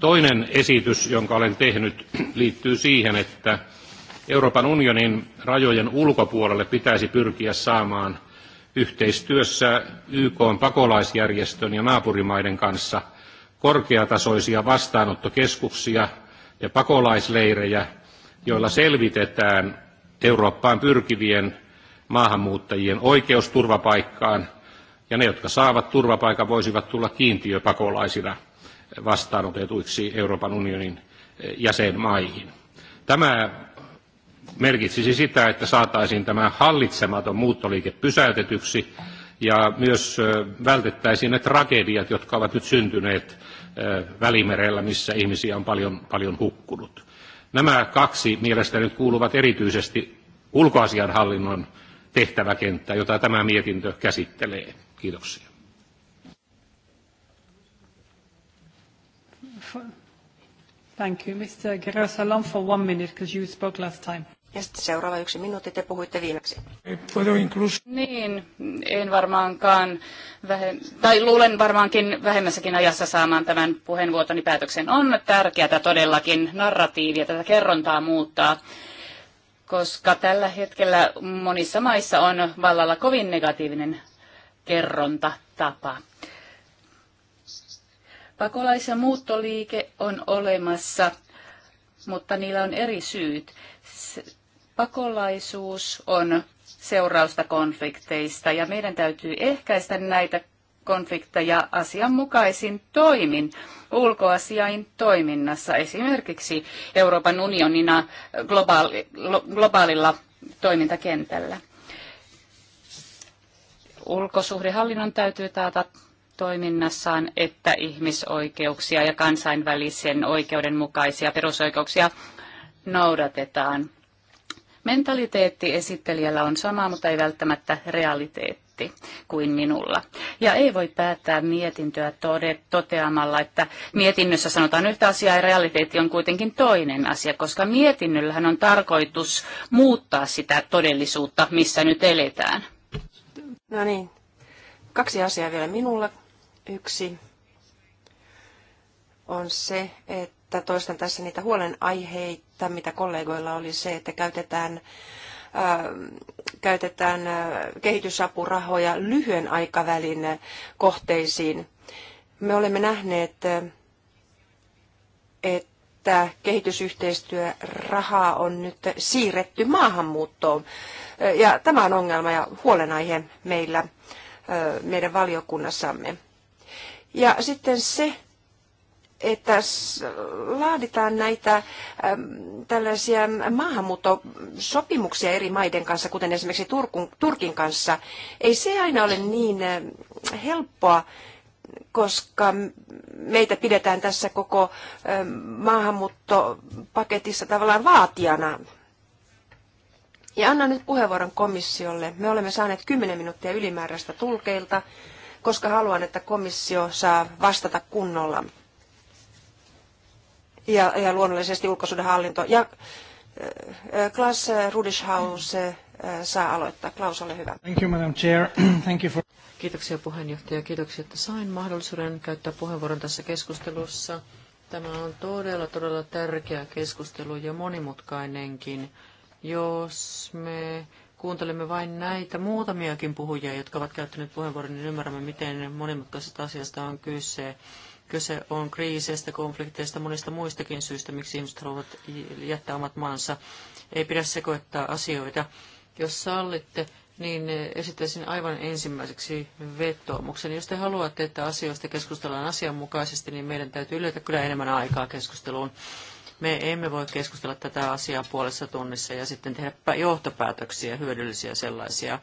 Toinen esitys, jonka olen tehnyt, liittyy siihen, että Euroopan unionin rajojen ulkopuolelle pitäisi pyrkiä saamaan yhteistyössä YK on pakolaisjärjestön ja naapurimaiden kanssa korkeatasoisia vastaanottokeskuksia ja pakolaisleirejä, joilla selvitetään Eurooppaan pyrkivien maahanmuuttajien oikeus turvapaikkaan, ja ne, jotka saavat turvapaikan, voisivat tulla kiintiöpakolaisina vastaanotetuiksi Euroopan unionin jäsenmaihin. Tämä merkitsisi sitä, että saataisiin tämä hallitsematon muuttoliike pysäytetyksi ja myös vältettäisiin ne tragediat, jotka ovat nyt syntyneet Välimerellä, missä ihmisiä on paljon, paljon hukkunut. Nämä kaksi mielestäni nyt kuuluvat erityisesti ulkoasianhallinnon tehtäväkenttään, jota tämä mietintö käsittelee. Kiitoksia. Thank you. Mr. for one minute, because you spoke last time. Ja sitten seuraava yksi minuutti, te puhuitte viimeksi. Niin, en varmaankaan, vähe, tai luulen varmaankin vähemmässäkin ajassa saamaan tämän puheenvuotoni päätöksen. On tärkeää todellakin narratiivia, tätä kerrontaa muuttaa, koska tällä hetkellä monissa maissa on vallalla kovin negatiivinen kerrontatapa. Pakolais- ja muuttoliike on olemassa, mutta niillä on eri syyt Pakolaisuus on seurausta konflikteista ja meidän täytyy ehkäistä näitä konflikteja asianmukaisin toimin ulkoasiain toiminnassa, esimerkiksi Euroopan unionina globaali, globaalilla toimintakentällä. Ulkosuhdehallinnon täytyy taata toiminnassaan, että ihmisoikeuksia ja kansainvälisen oikeuden mukaisia perusoikeuksia noudatetaan. Mentaliteetti esittelijällä on sama, mutta ei välttämättä realiteetti kuin minulla. Ja ei voi päättää mietintöä tode, toteamalla, että mietinnössä sanotaan yhtä asiaa ja realiteetti on kuitenkin toinen asia, koska mietinnöllähän on tarkoitus muuttaa sitä todellisuutta, missä nyt eletään. No niin, kaksi asiaa vielä minulla. Yksi on se, että että toistan tässä niitä huolenaiheita, mitä kollegoilla oli se, että käytetään ähm, käytetään äh, kehitysapurahoja lyhyen aikavälin kohteisiin. Me olemme nähneet, että kehitysyhteistyörahaa on nyt siirretty maahanmuuttoon. Ja tämä on ongelma ja huolenaihe meillä, äh, meidän valiokunnassamme. Ja sitten se, että laaditaan näitä äm, tällaisia maahanmuuttosopimuksia eri maiden kanssa, kuten esimerkiksi Turkun, Turkin kanssa, ei se aina ole niin helppoa, koska meitä pidetään tässä koko maahanmuuttopaketissa tavallaan vaatijana. Ja annan nyt puheenvuoron komissiolle. Me olemme saaneet 10 minuuttia ylimääräistä tulkeilta, koska haluan, että komissio saa vastata kunnolla ja, ja luonnollisesti ulkosuudenhallinto. Ja äh, äh, Klaus Rudishaus äh, saa aloittaa. Klaus, ole hyvä. Thank you, Madam Chair. Thank you for... Kiitoksia puheenjohtaja. Kiitoksia, että sain mahdollisuuden käyttää puheenvuoron tässä keskustelussa. Tämä on todella, todella tärkeä keskustelu ja monimutkainenkin. Jos me kuuntelemme vain näitä muutamiakin puhujia, jotka ovat käyttäneet puheenvuoron, niin ymmärrämme, miten monimutkaisesta asiasta on kyse. Kyse on kriiseistä, konflikteista, monista muistakin syistä, miksi ihmiset haluavat jättää omat maansa. Ei pidä sekoittaa asioita. Jos sallitte, niin esittäisin aivan ensimmäiseksi vetoomuksen. Jos te haluatte, että asioista keskustellaan asianmukaisesti, niin meidän täytyy yletä kyllä enemmän aikaa keskusteluun. Me emme voi keskustella tätä asiaa puolessa tunnissa ja sitten tehdä johtopäätöksiä, hyödyllisiä sellaisia.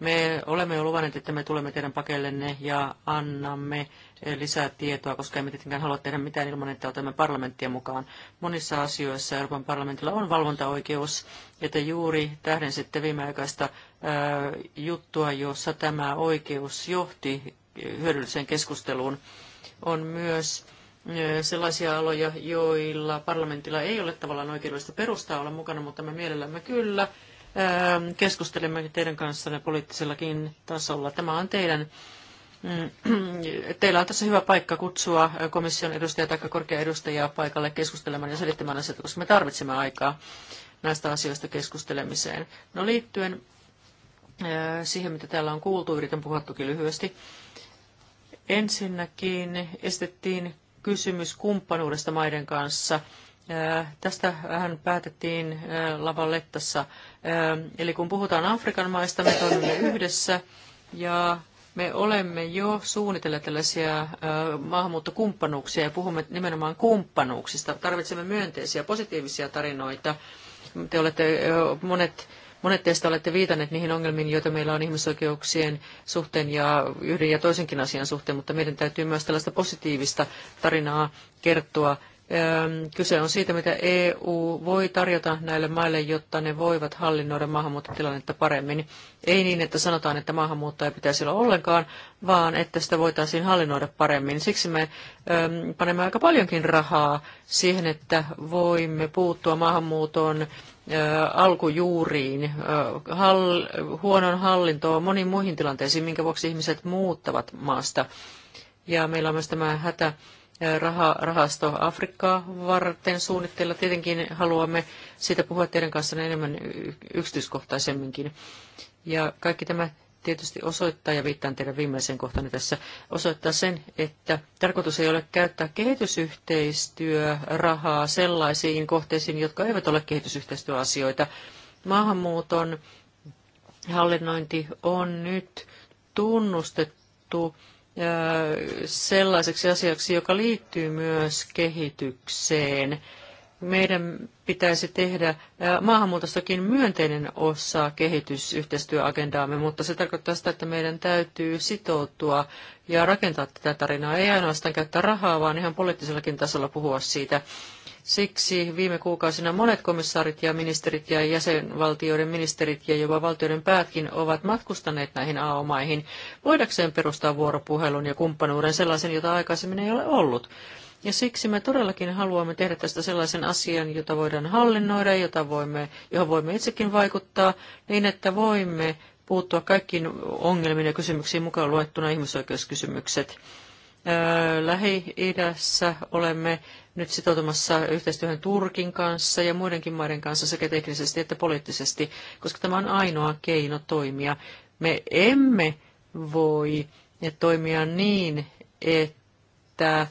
Me olemme jo luvanneet, että me tulemme teidän pakellenne ja annamme eh, lisää tietoa, koska emme tietenkään halua tehdä mitään ilman, että otamme parlamenttia mukaan. Monissa asioissa Euroopan parlamentilla on valvontaoikeus, että juuri juuri sitten viimeaikaista ää, eh, juttua, jossa tämä oikeus johti eh, hyödylliseen keskusteluun. On myös sellaisia aloja, joilla parlamentilla ei ole tavallaan oikeudellista perustaa olla mukana, mutta me mielellämme kyllä Ähm, keskustelemme teidän kanssanne poliittisellakin tasolla. Tämä on teidän mm, Teillä on tässä hyvä paikka kutsua komission edustajia tai korkea edustajia paikalle keskustelemaan ja selittämään asioita, koska me tarvitsemme aikaa näistä asioista keskustelemiseen. No liittyen äh, siihen, mitä täällä on kuultu, yritän puhua toki lyhyesti. Ensinnäkin estettiin kysymys kumppanuudesta maiden kanssa – Äh, tästä vähän päätettiin äh, Lavallettassa. Äh, eli kun puhutaan Afrikan maista, me toimimme yhdessä ja me olemme jo suunnitelleet tällaisia maahanmuuttokumppanuuksia ja puhumme nimenomaan kumppanuuksista. Tarvitsemme myönteisiä, positiivisia tarinoita. Te olette, monet, monet teistä olette viitanneet niihin ongelmiin, joita meillä on ihmisoikeuksien suhteen ja yhden ja toisenkin asian suhteen, mutta meidän täytyy myös tällaista positiivista tarinaa kertoa Kyse on siitä, mitä EU voi tarjota näille maille, jotta ne voivat hallinnoida maahanmuuttotilannetta paremmin. Ei niin, että sanotaan, että maahanmuuttoa ei pitäisi olla ollenkaan, vaan että sitä voitaisiin hallinnoida paremmin. Siksi me panemme aika paljonkin rahaa siihen, että voimme puuttua maahanmuuton alkujuuriin, hall, huonon hallintoon, moniin muihin tilanteisiin, minkä vuoksi ihmiset muuttavat maasta. Ja meillä on myös tämä hätä raha, rahasto Afrikkaa varten suunnitteilla. Tietenkin haluamme siitä puhua teidän kanssanne enemmän yksityiskohtaisemminkin. Ja kaikki tämä tietysti osoittaa, ja viittaan teidän viimeiseen kohtaan tässä, osoittaa sen, että tarkoitus ei ole käyttää kehitysyhteistyörahaa sellaisiin kohteisiin, jotka eivät ole kehitysyhteistyöasioita. Maahanmuuton hallinnointi on nyt tunnustettu sellaiseksi asiaksi, joka liittyy myös kehitykseen. Meidän pitäisi tehdä maahanmuutostakin myönteinen osa kehitysyhteistyöagendaamme, mutta se tarkoittaa sitä, että meidän täytyy sitoutua ja rakentaa tätä tarinaa. Ei ainoastaan käyttää rahaa, vaan ihan poliittisellakin tasolla puhua siitä. Siksi viime kuukausina monet komissaarit ja ministerit ja jäsenvaltioiden ministerit ja jopa valtioiden päätkin ovat matkustaneet näihin AO-maihin voidakseen perustaa vuoropuhelun ja kumppanuuden sellaisen, jota aikaisemmin ei ole ollut. Ja siksi me todellakin haluamme tehdä tästä sellaisen asian, jota voidaan hallinnoida, jota voimme, johon voimme itsekin vaikuttaa, niin että voimme puuttua kaikkiin ongelmiin ja kysymyksiin mukaan luettuna ihmisoikeuskysymykset. Lähi-idässä olemme nyt sitoutumassa yhteistyöhön Turkin kanssa ja muidenkin maiden kanssa sekä teknisesti että poliittisesti, koska tämä on ainoa keino toimia. Me emme voi toimia niin, että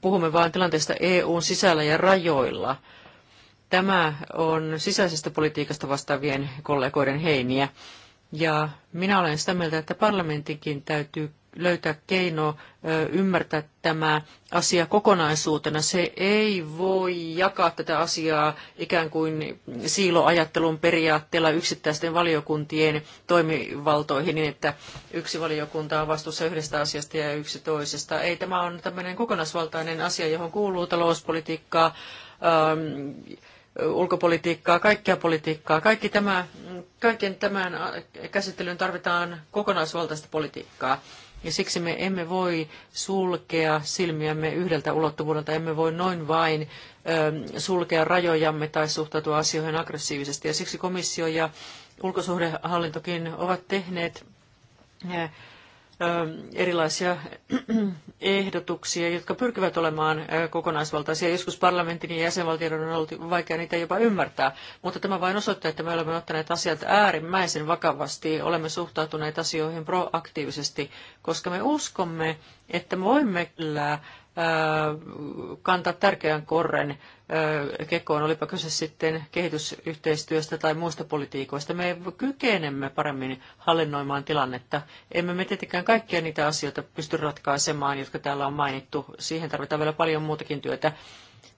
puhumme vain tilanteesta EUn sisällä ja rajoilla. Tämä on sisäisestä politiikasta vastaavien kollegoiden heiniä. Ja minä olen sitä mieltä, että parlamentinkin täytyy löytää keino ymmärtää tämä asia kokonaisuutena. Se ei voi jakaa tätä asiaa ikään kuin siiloajattelun periaatteella yksittäisten valiokuntien toimivaltoihin, niin että yksi valiokunta on vastuussa yhdestä asiasta ja yksi toisesta. Ei, tämä on tämmöinen kokonaisvaltainen asia, johon kuuluu talouspolitiikkaa, ähm, ulkopolitiikkaa, kaikkia politiikkaa. Kaikki tämä, kaiken tämän äh, käsittelyyn tarvitaan kokonaisvaltaista politiikkaa. Ja siksi me emme voi sulkea silmiämme yhdeltä ulottuvuudelta, emme voi noin vain ö, sulkea rajojamme tai suhtautua asioihin aggressiivisesti. Ja siksi komissio ja ulkosuhdehallintokin ovat tehneet erilaisia ehdotuksia, jotka pyrkivät olemaan kokonaisvaltaisia. Joskus parlamentin ja jäsenvaltioiden on ollut vaikea niitä jopa ymmärtää, mutta tämä vain osoittaa, että me olemme ottaneet asiat äärimmäisen vakavasti, olemme suhtautuneet asioihin proaktiivisesti, koska me uskomme, että me voimme kyllä kantaa tärkeän korren kekoon, olipa kyse sitten kehitysyhteistyöstä tai muista politiikoista. Me kykenemme paremmin hallinnoimaan tilannetta. Emme me tietenkään kaikkia niitä asioita pysty ratkaisemaan, jotka täällä on mainittu. Siihen tarvitaan vielä paljon muutakin työtä.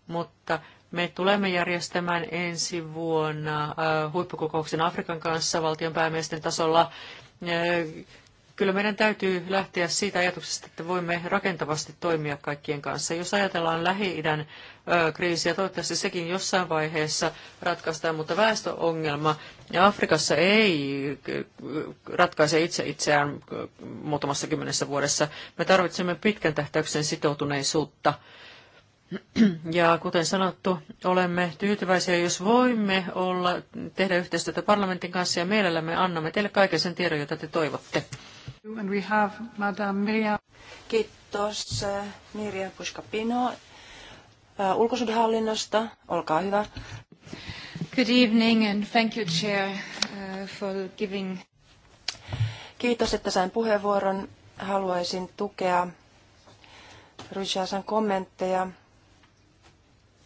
Mutta me tulemme järjestämään ensi vuonna huippukokouksen Afrikan kanssa valtion päämiesten tasolla Kyllä meidän täytyy lähteä siitä ajatuksesta, että voimme rakentavasti toimia kaikkien kanssa. Jos ajatellaan Lähi-idän kriisiä, toivottavasti sekin jossain vaiheessa ratkaistaan, mutta väestöongelma Afrikassa ei ratkaise itse itseään muutamassa kymmenessä vuodessa. Me tarvitsemme pitkän tähtäyksen sitoutuneisuutta. Ja kuten sanottu, olemme tyytyväisiä, jos voimme olla, tehdä yhteistyötä parlamentin kanssa ja mielellämme annamme teille kaiken sen tiedon, jota te toivotte. And we have Madame Miriam. Kiitos eh, Mirja Puskapino eh, ulkosuudenhallinnosta. Olkaa hyvä. Good evening and thank you Chair eh, for giving. Kiitos, että sain puheenvuoron. Haluaisin tukea Ryshasan kommentteja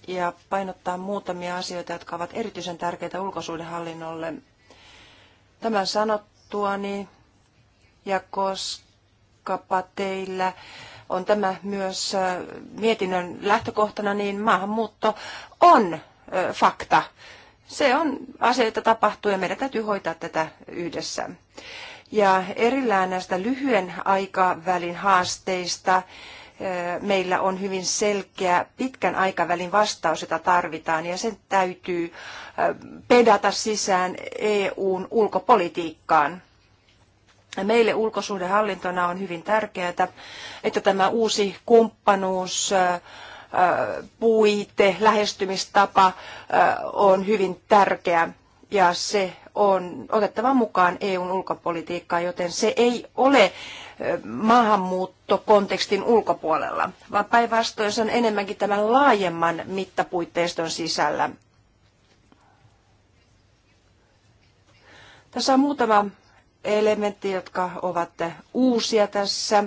ja painottaa muutamia asioita, jotka ovat erityisen tärkeitä ulkosuudenhallinnolle. Tämän sanottuani ja koskapa teillä on tämä myös äh, mietinnön lähtökohtana, niin maahanmuutto on äh, fakta. Se on asia, jota tapahtuu ja meidän täytyy hoitaa tätä yhdessä. Ja erillään näistä lyhyen aikavälin haasteista äh, meillä on hyvin selkeä pitkän aikavälin vastaus, jota tarvitaan, ja sen täytyy pedata sisään EUn ulkopolitiikkaan. Meille ulkosuhdehallintona on hyvin tärkeää, että tämä uusi kumppanuus puite, lähestymistapa on hyvin tärkeä ja se on otettava mukaan EUn ulkopolitiikkaa, joten se ei ole maahanmuuttokontekstin ulkopuolella, vaan päinvastoin se on enemmänkin tämän laajemman mittapuitteiston sisällä. Tässä on muutama elementtejä, jotka ovat uusia tässä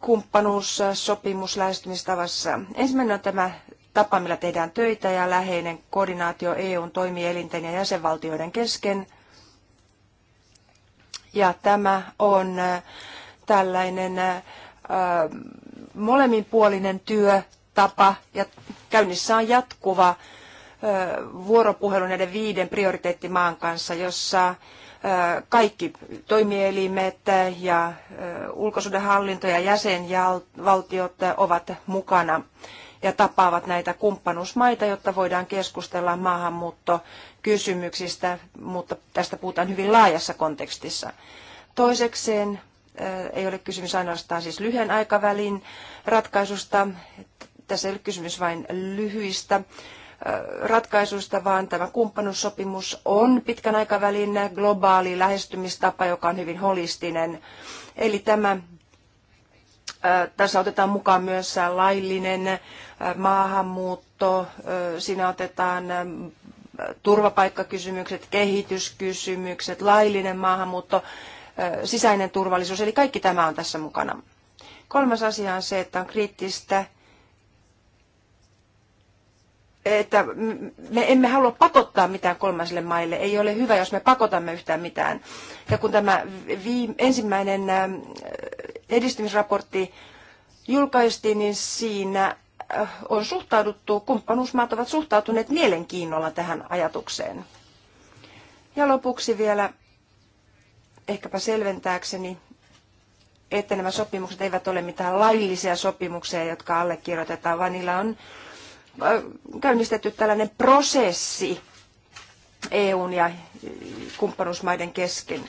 kumppanuussopimuslähestymistavassa. Ensimmäinen on tämä tapa, millä tehdään töitä ja läheinen koordinaatio EUn toimielinten ja jäsenvaltioiden kesken. Ja tämä on äh, tällainen äh, molemminpuolinen työtapa ja käynnissä on jatkuva äh, vuoropuhelu näiden viiden prioriteettimaan kanssa, jossa kaikki toimielimet ja ulkosuhdehallinto ja jäsenvaltiot ovat mukana ja tapaavat näitä kumppanuusmaita, jotta voidaan keskustella maahanmuuttokysymyksistä, mutta tästä puhutaan hyvin laajassa kontekstissa. Toisekseen ei ole kysymys ainoastaan siis lyhyen aikavälin ratkaisusta. Tässä ei ole kysymys vain lyhyistä ratkaisuista, vaan tämä kumppanuussopimus on pitkän aikavälin globaali lähestymistapa, joka on hyvin holistinen. Eli tämä tässä otetaan mukaan myös laillinen maahanmuutto, siinä otetaan turvapaikkakysymykset, kehityskysymykset, laillinen maahanmuutto, sisäinen turvallisuus, eli kaikki tämä on tässä mukana. Kolmas asia on se, että on kriittistä että me emme halua pakottaa mitään kolmansille maille. Ei ole hyvä, jos me pakotamme yhtään mitään. Ja kun tämä viime, ensimmäinen ähm, edistymisraportti julkaistiin, niin siinä äh, on suhtauduttu, kumppanuusmaat ovat suhtautuneet mielenkiinnolla tähän ajatukseen. Ja lopuksi vielä ehkäpä selventääkseni, että nämä sopimukset eivät ole mitään laillisia sopimuksia, jotka allekirjoitetaan, vaan niillä on Äh, käynnistetty tällainen prosessi EUn ja kumppanuusmaiden kesken.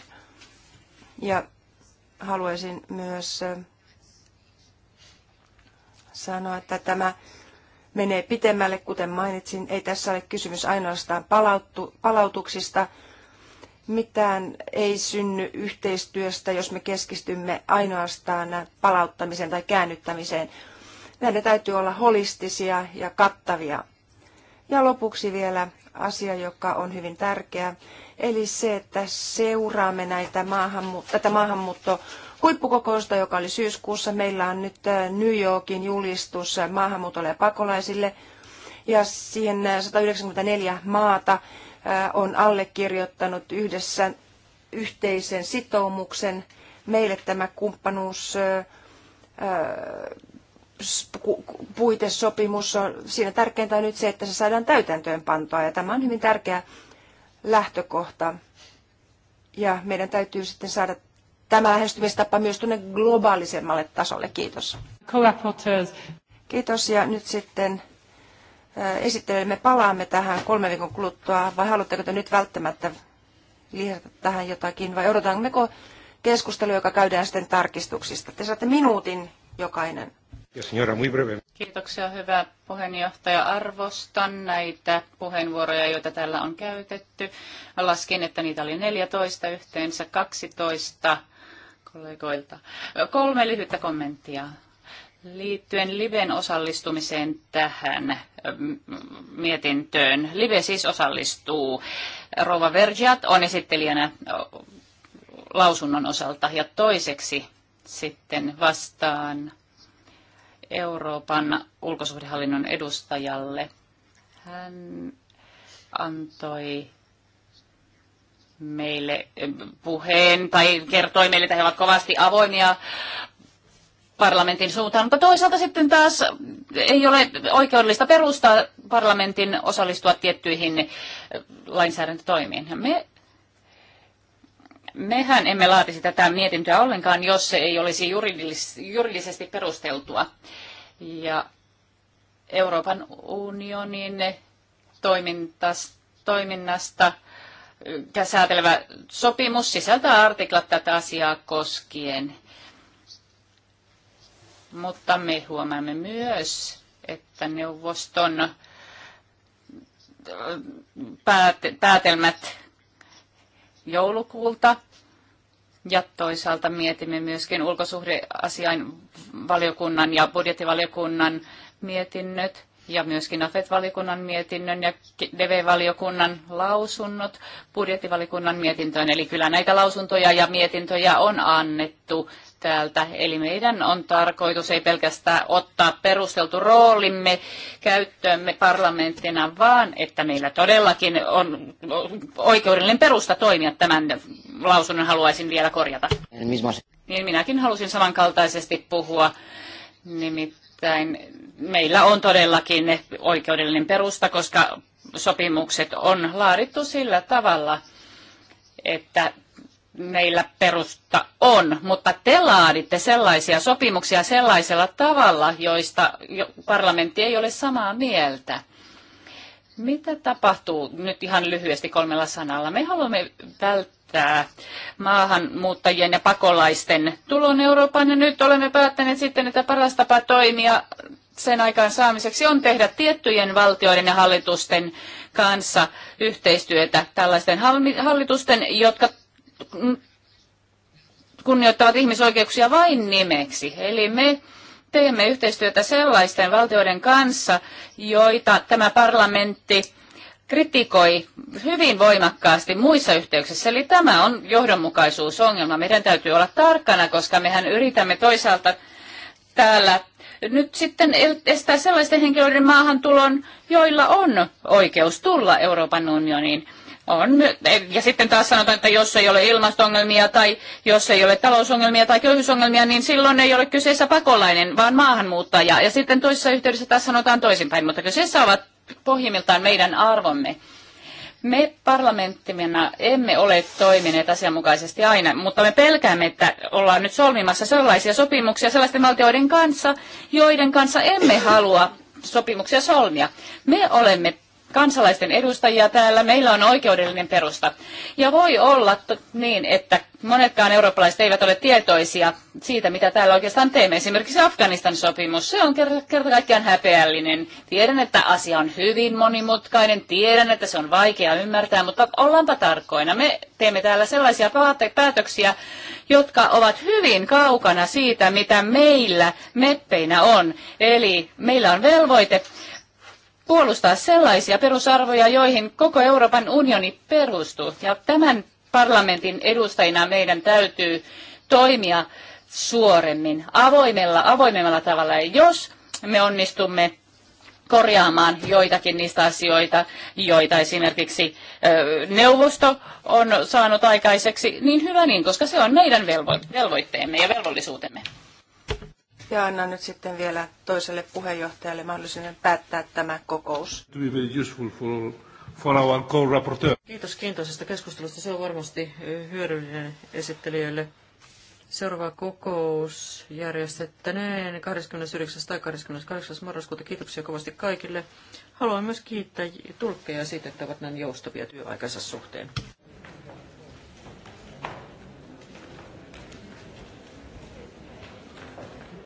Ja haluaisin myös äh, sanoa, että tämä menee pitemmälle, kuten mainitsin. Ei tässä ole kysymys ainoastaan palautu palautuksista. Mitään ei synny yhteistyöstä, jos me keskistymme ainoastaan palauttamiseen tai käännyttämiseen. Näiden täytyy olla holistisia ja kattavia. Ja lopuksi vielä asia, joka on hyvin tärkeä, eli se, että seuraamme näitä maahanmu- tätä maahanmuuttoa huippukokousta, joka oli syyskuussa. Meillä on nyt äh, New Yorkin julistus maahanmuutolle ja pakolaisille. Ja siihen 194 äh, maata äh, on allekirjoittanut yhdessä yhteisen sitoumuksen. Meille tämä kumppanuus puitesopimus on, siinä tärkeintä on nyt se, että se saadaan täytäntöön pantoa ja tämä on hyvin tärkeä lähtökohta. Ja meidän täytyy sitten saada tämä lähestymistapa myös tuonne globaalisemmalle tasolle. Kiitos. Kiitos ja nyt sitten äh, esittelemme, palaamme tähän kolme viikon kuluttua vai haluatteko te nyt välttämättä lisätä tähän jotakin vai odotammeko keskustelua, joka käydään sitten tarkistuksista. Te saatte minuutin jokainen. Señora, muy breve. Kiitoksia, hyvä puheenjohtaja. Arvostan näitä puheenvuoroja, joita täällä on käytetty. Laskin, että niitä oli 14, yhteensä 12 kollegoilta. Kolme lyhyttä kommenttia liittyen liven osallistumiseen tähän mm, mietintöön. Live siis osallistuu. Rova Vergiat on esittelijänä lausunnon osalta ja toiseksi sitten vastaan Euroopan ulkosuhdehallinnon edustajalle. Hän antoi meille puheen tai kertoi meille, että he ovat kovasti avoimia parlamentin suuntaan, mutta toisaalta sitten taas ei ole oikeudellista perustaa parlamentin osallistua tiettyihin lainsäädäntötoimiin. Me mehän emme laatisi tätä mietintöä ollenkaan, jos se ei olisi juridisesti perusteltua. Ja Euroopan unionin toiminnasta säätelevä sopimus sisältää artiklat tätä asiaa koskien. Mutta me huomaamme myös, että neuvoston päätelmät joulukuulta. Ja toisaalta mietimme myöskin ulkosuhdeasiain valiokunnan ja budjettivaliokunnan mietinnöt ja myöskin AFET-valiokunnan mietinnön ja DV-valiokunnan lausunnot budjettivaliokunnan mietintöön. Eli kyllä näitä lausuntoja ja mietintöjä on annettu täältä. Eli meidän on tarkoitus ei pelkästään ottaa perusteltu roolimme käyttöömme parlamenttina, vaan että meillä todellakin on oikeudellinen perusta toimia. Tämän lausunnon haluaisin vielä korjata. Niin minäkin halusin samankaltaisesti puhua. Nimittäin meillä on todellakin oikeudellinen perusta, koska sopimukset on laadittu sillä tavalla, että meillä perusta on, mutta te laaditte sellaisia sopimuksia sellaisella tavalla, joista parlamentti ei ole samaa mieltä. Mitä tapahtuu nyt ihan lyhyesti kolmella sanalla? Me haluamme välttää maahanmuuttajien ja pakolaisten tulon Euroopan ja nyt olemme päättäneet sitten, että paras tapa toimia sen aikaan saamiseksi on tehdä tiettyjen valtioiden ja hallitusten kanssa yhteistyötä tällaisten hallitusten, jotka Mm, kunnioittavat ihmisoikeuksia vain nimeksi. Eli me teemme yhteistyötä sellaisten valtioiden kanssa, joita tämä parlamentti kritikoi hyvin voimakkaasti muissa yhteyksissä. Eli tämä on johdonmukaisuusongelma. Meidän täytyy olla tarkkana, koska mehän yritämme toisaalta täällä nyt sitten estää sellaisten henkilöiden maahantulon, joilla on oikeus tulla Euroopan unioniin. On, ja sitten taas sanotaan, että jos ei ole ilmastongelmia tai jos ei ole talousongelmia tai köyhyysongelmia, niin silloin ei ole kyseessä pakolainen, vaan maahanmuuttaja. Ja sitten toisessa yhteydessä taas sanotaan toisinpäin, mutta kyseessä ovat pohjimmiltaan meidän arvomme. Me parlamenttimena emme ole toimineet asianmukaisesti aina, mutta me pelkäämme, että ollaan nyt solmimassa sellaisia sopimuksia sellaisten valtioiden kanssa, joiden kanssa emme halua sopimuksia solmia. Me olemme kansalaisten edustajia täällä, meillä on oikeudellinen perusta. Ja voi olla niin, että monetkaan eurooppalaiset eivät ole tietoisia siitä, mitä täällä oikeastaan teemme. Esimerkiksi Afganistan sopimus, se on kerta kaikkiaan häpeällinen. Tiedän, että asia on hyvin monimutkainen, tiedän, että se on vaikea ymmärtää, mutta ollaanpa tarkkoina. Me teemme täällä sellaisia päätöksiä, jotka ovat hyvin kaukana siitä, mitä meillä meppeinä on. Eli meillä on velvoite puolustaa sellaisia perusarvoja, joihin koko Euroopan unioni perustuu. Ja tämän parlamentin edustajina meidän täytyy toimia suoremmin, avoimella, avoimemmalla tavalla. Ja jos me onnistumme korjaamaan joitakin niistä asioita, joita esimerkiksi neuvosto on saanut aikaiseksi, niin hyvä niin, koska se on meidän velvoitteemme ja velvollisuutemme. Ja annan nyt sitten vielä toiselle puheenjohtajalle mahdollisuuden päättää tämä kokous. Kiitos kiintoisesta keskustelusta. Se on varmasti eh, hyödyllinen esittelijöille. Seuraava kokous järjestettäneen 29. tai 28. marraskuuta. Kiitoksia kovasti kaikille. Haluan myös kiittää tulkkeja siitä, että ovat näin joustavia työaikansa suhteen.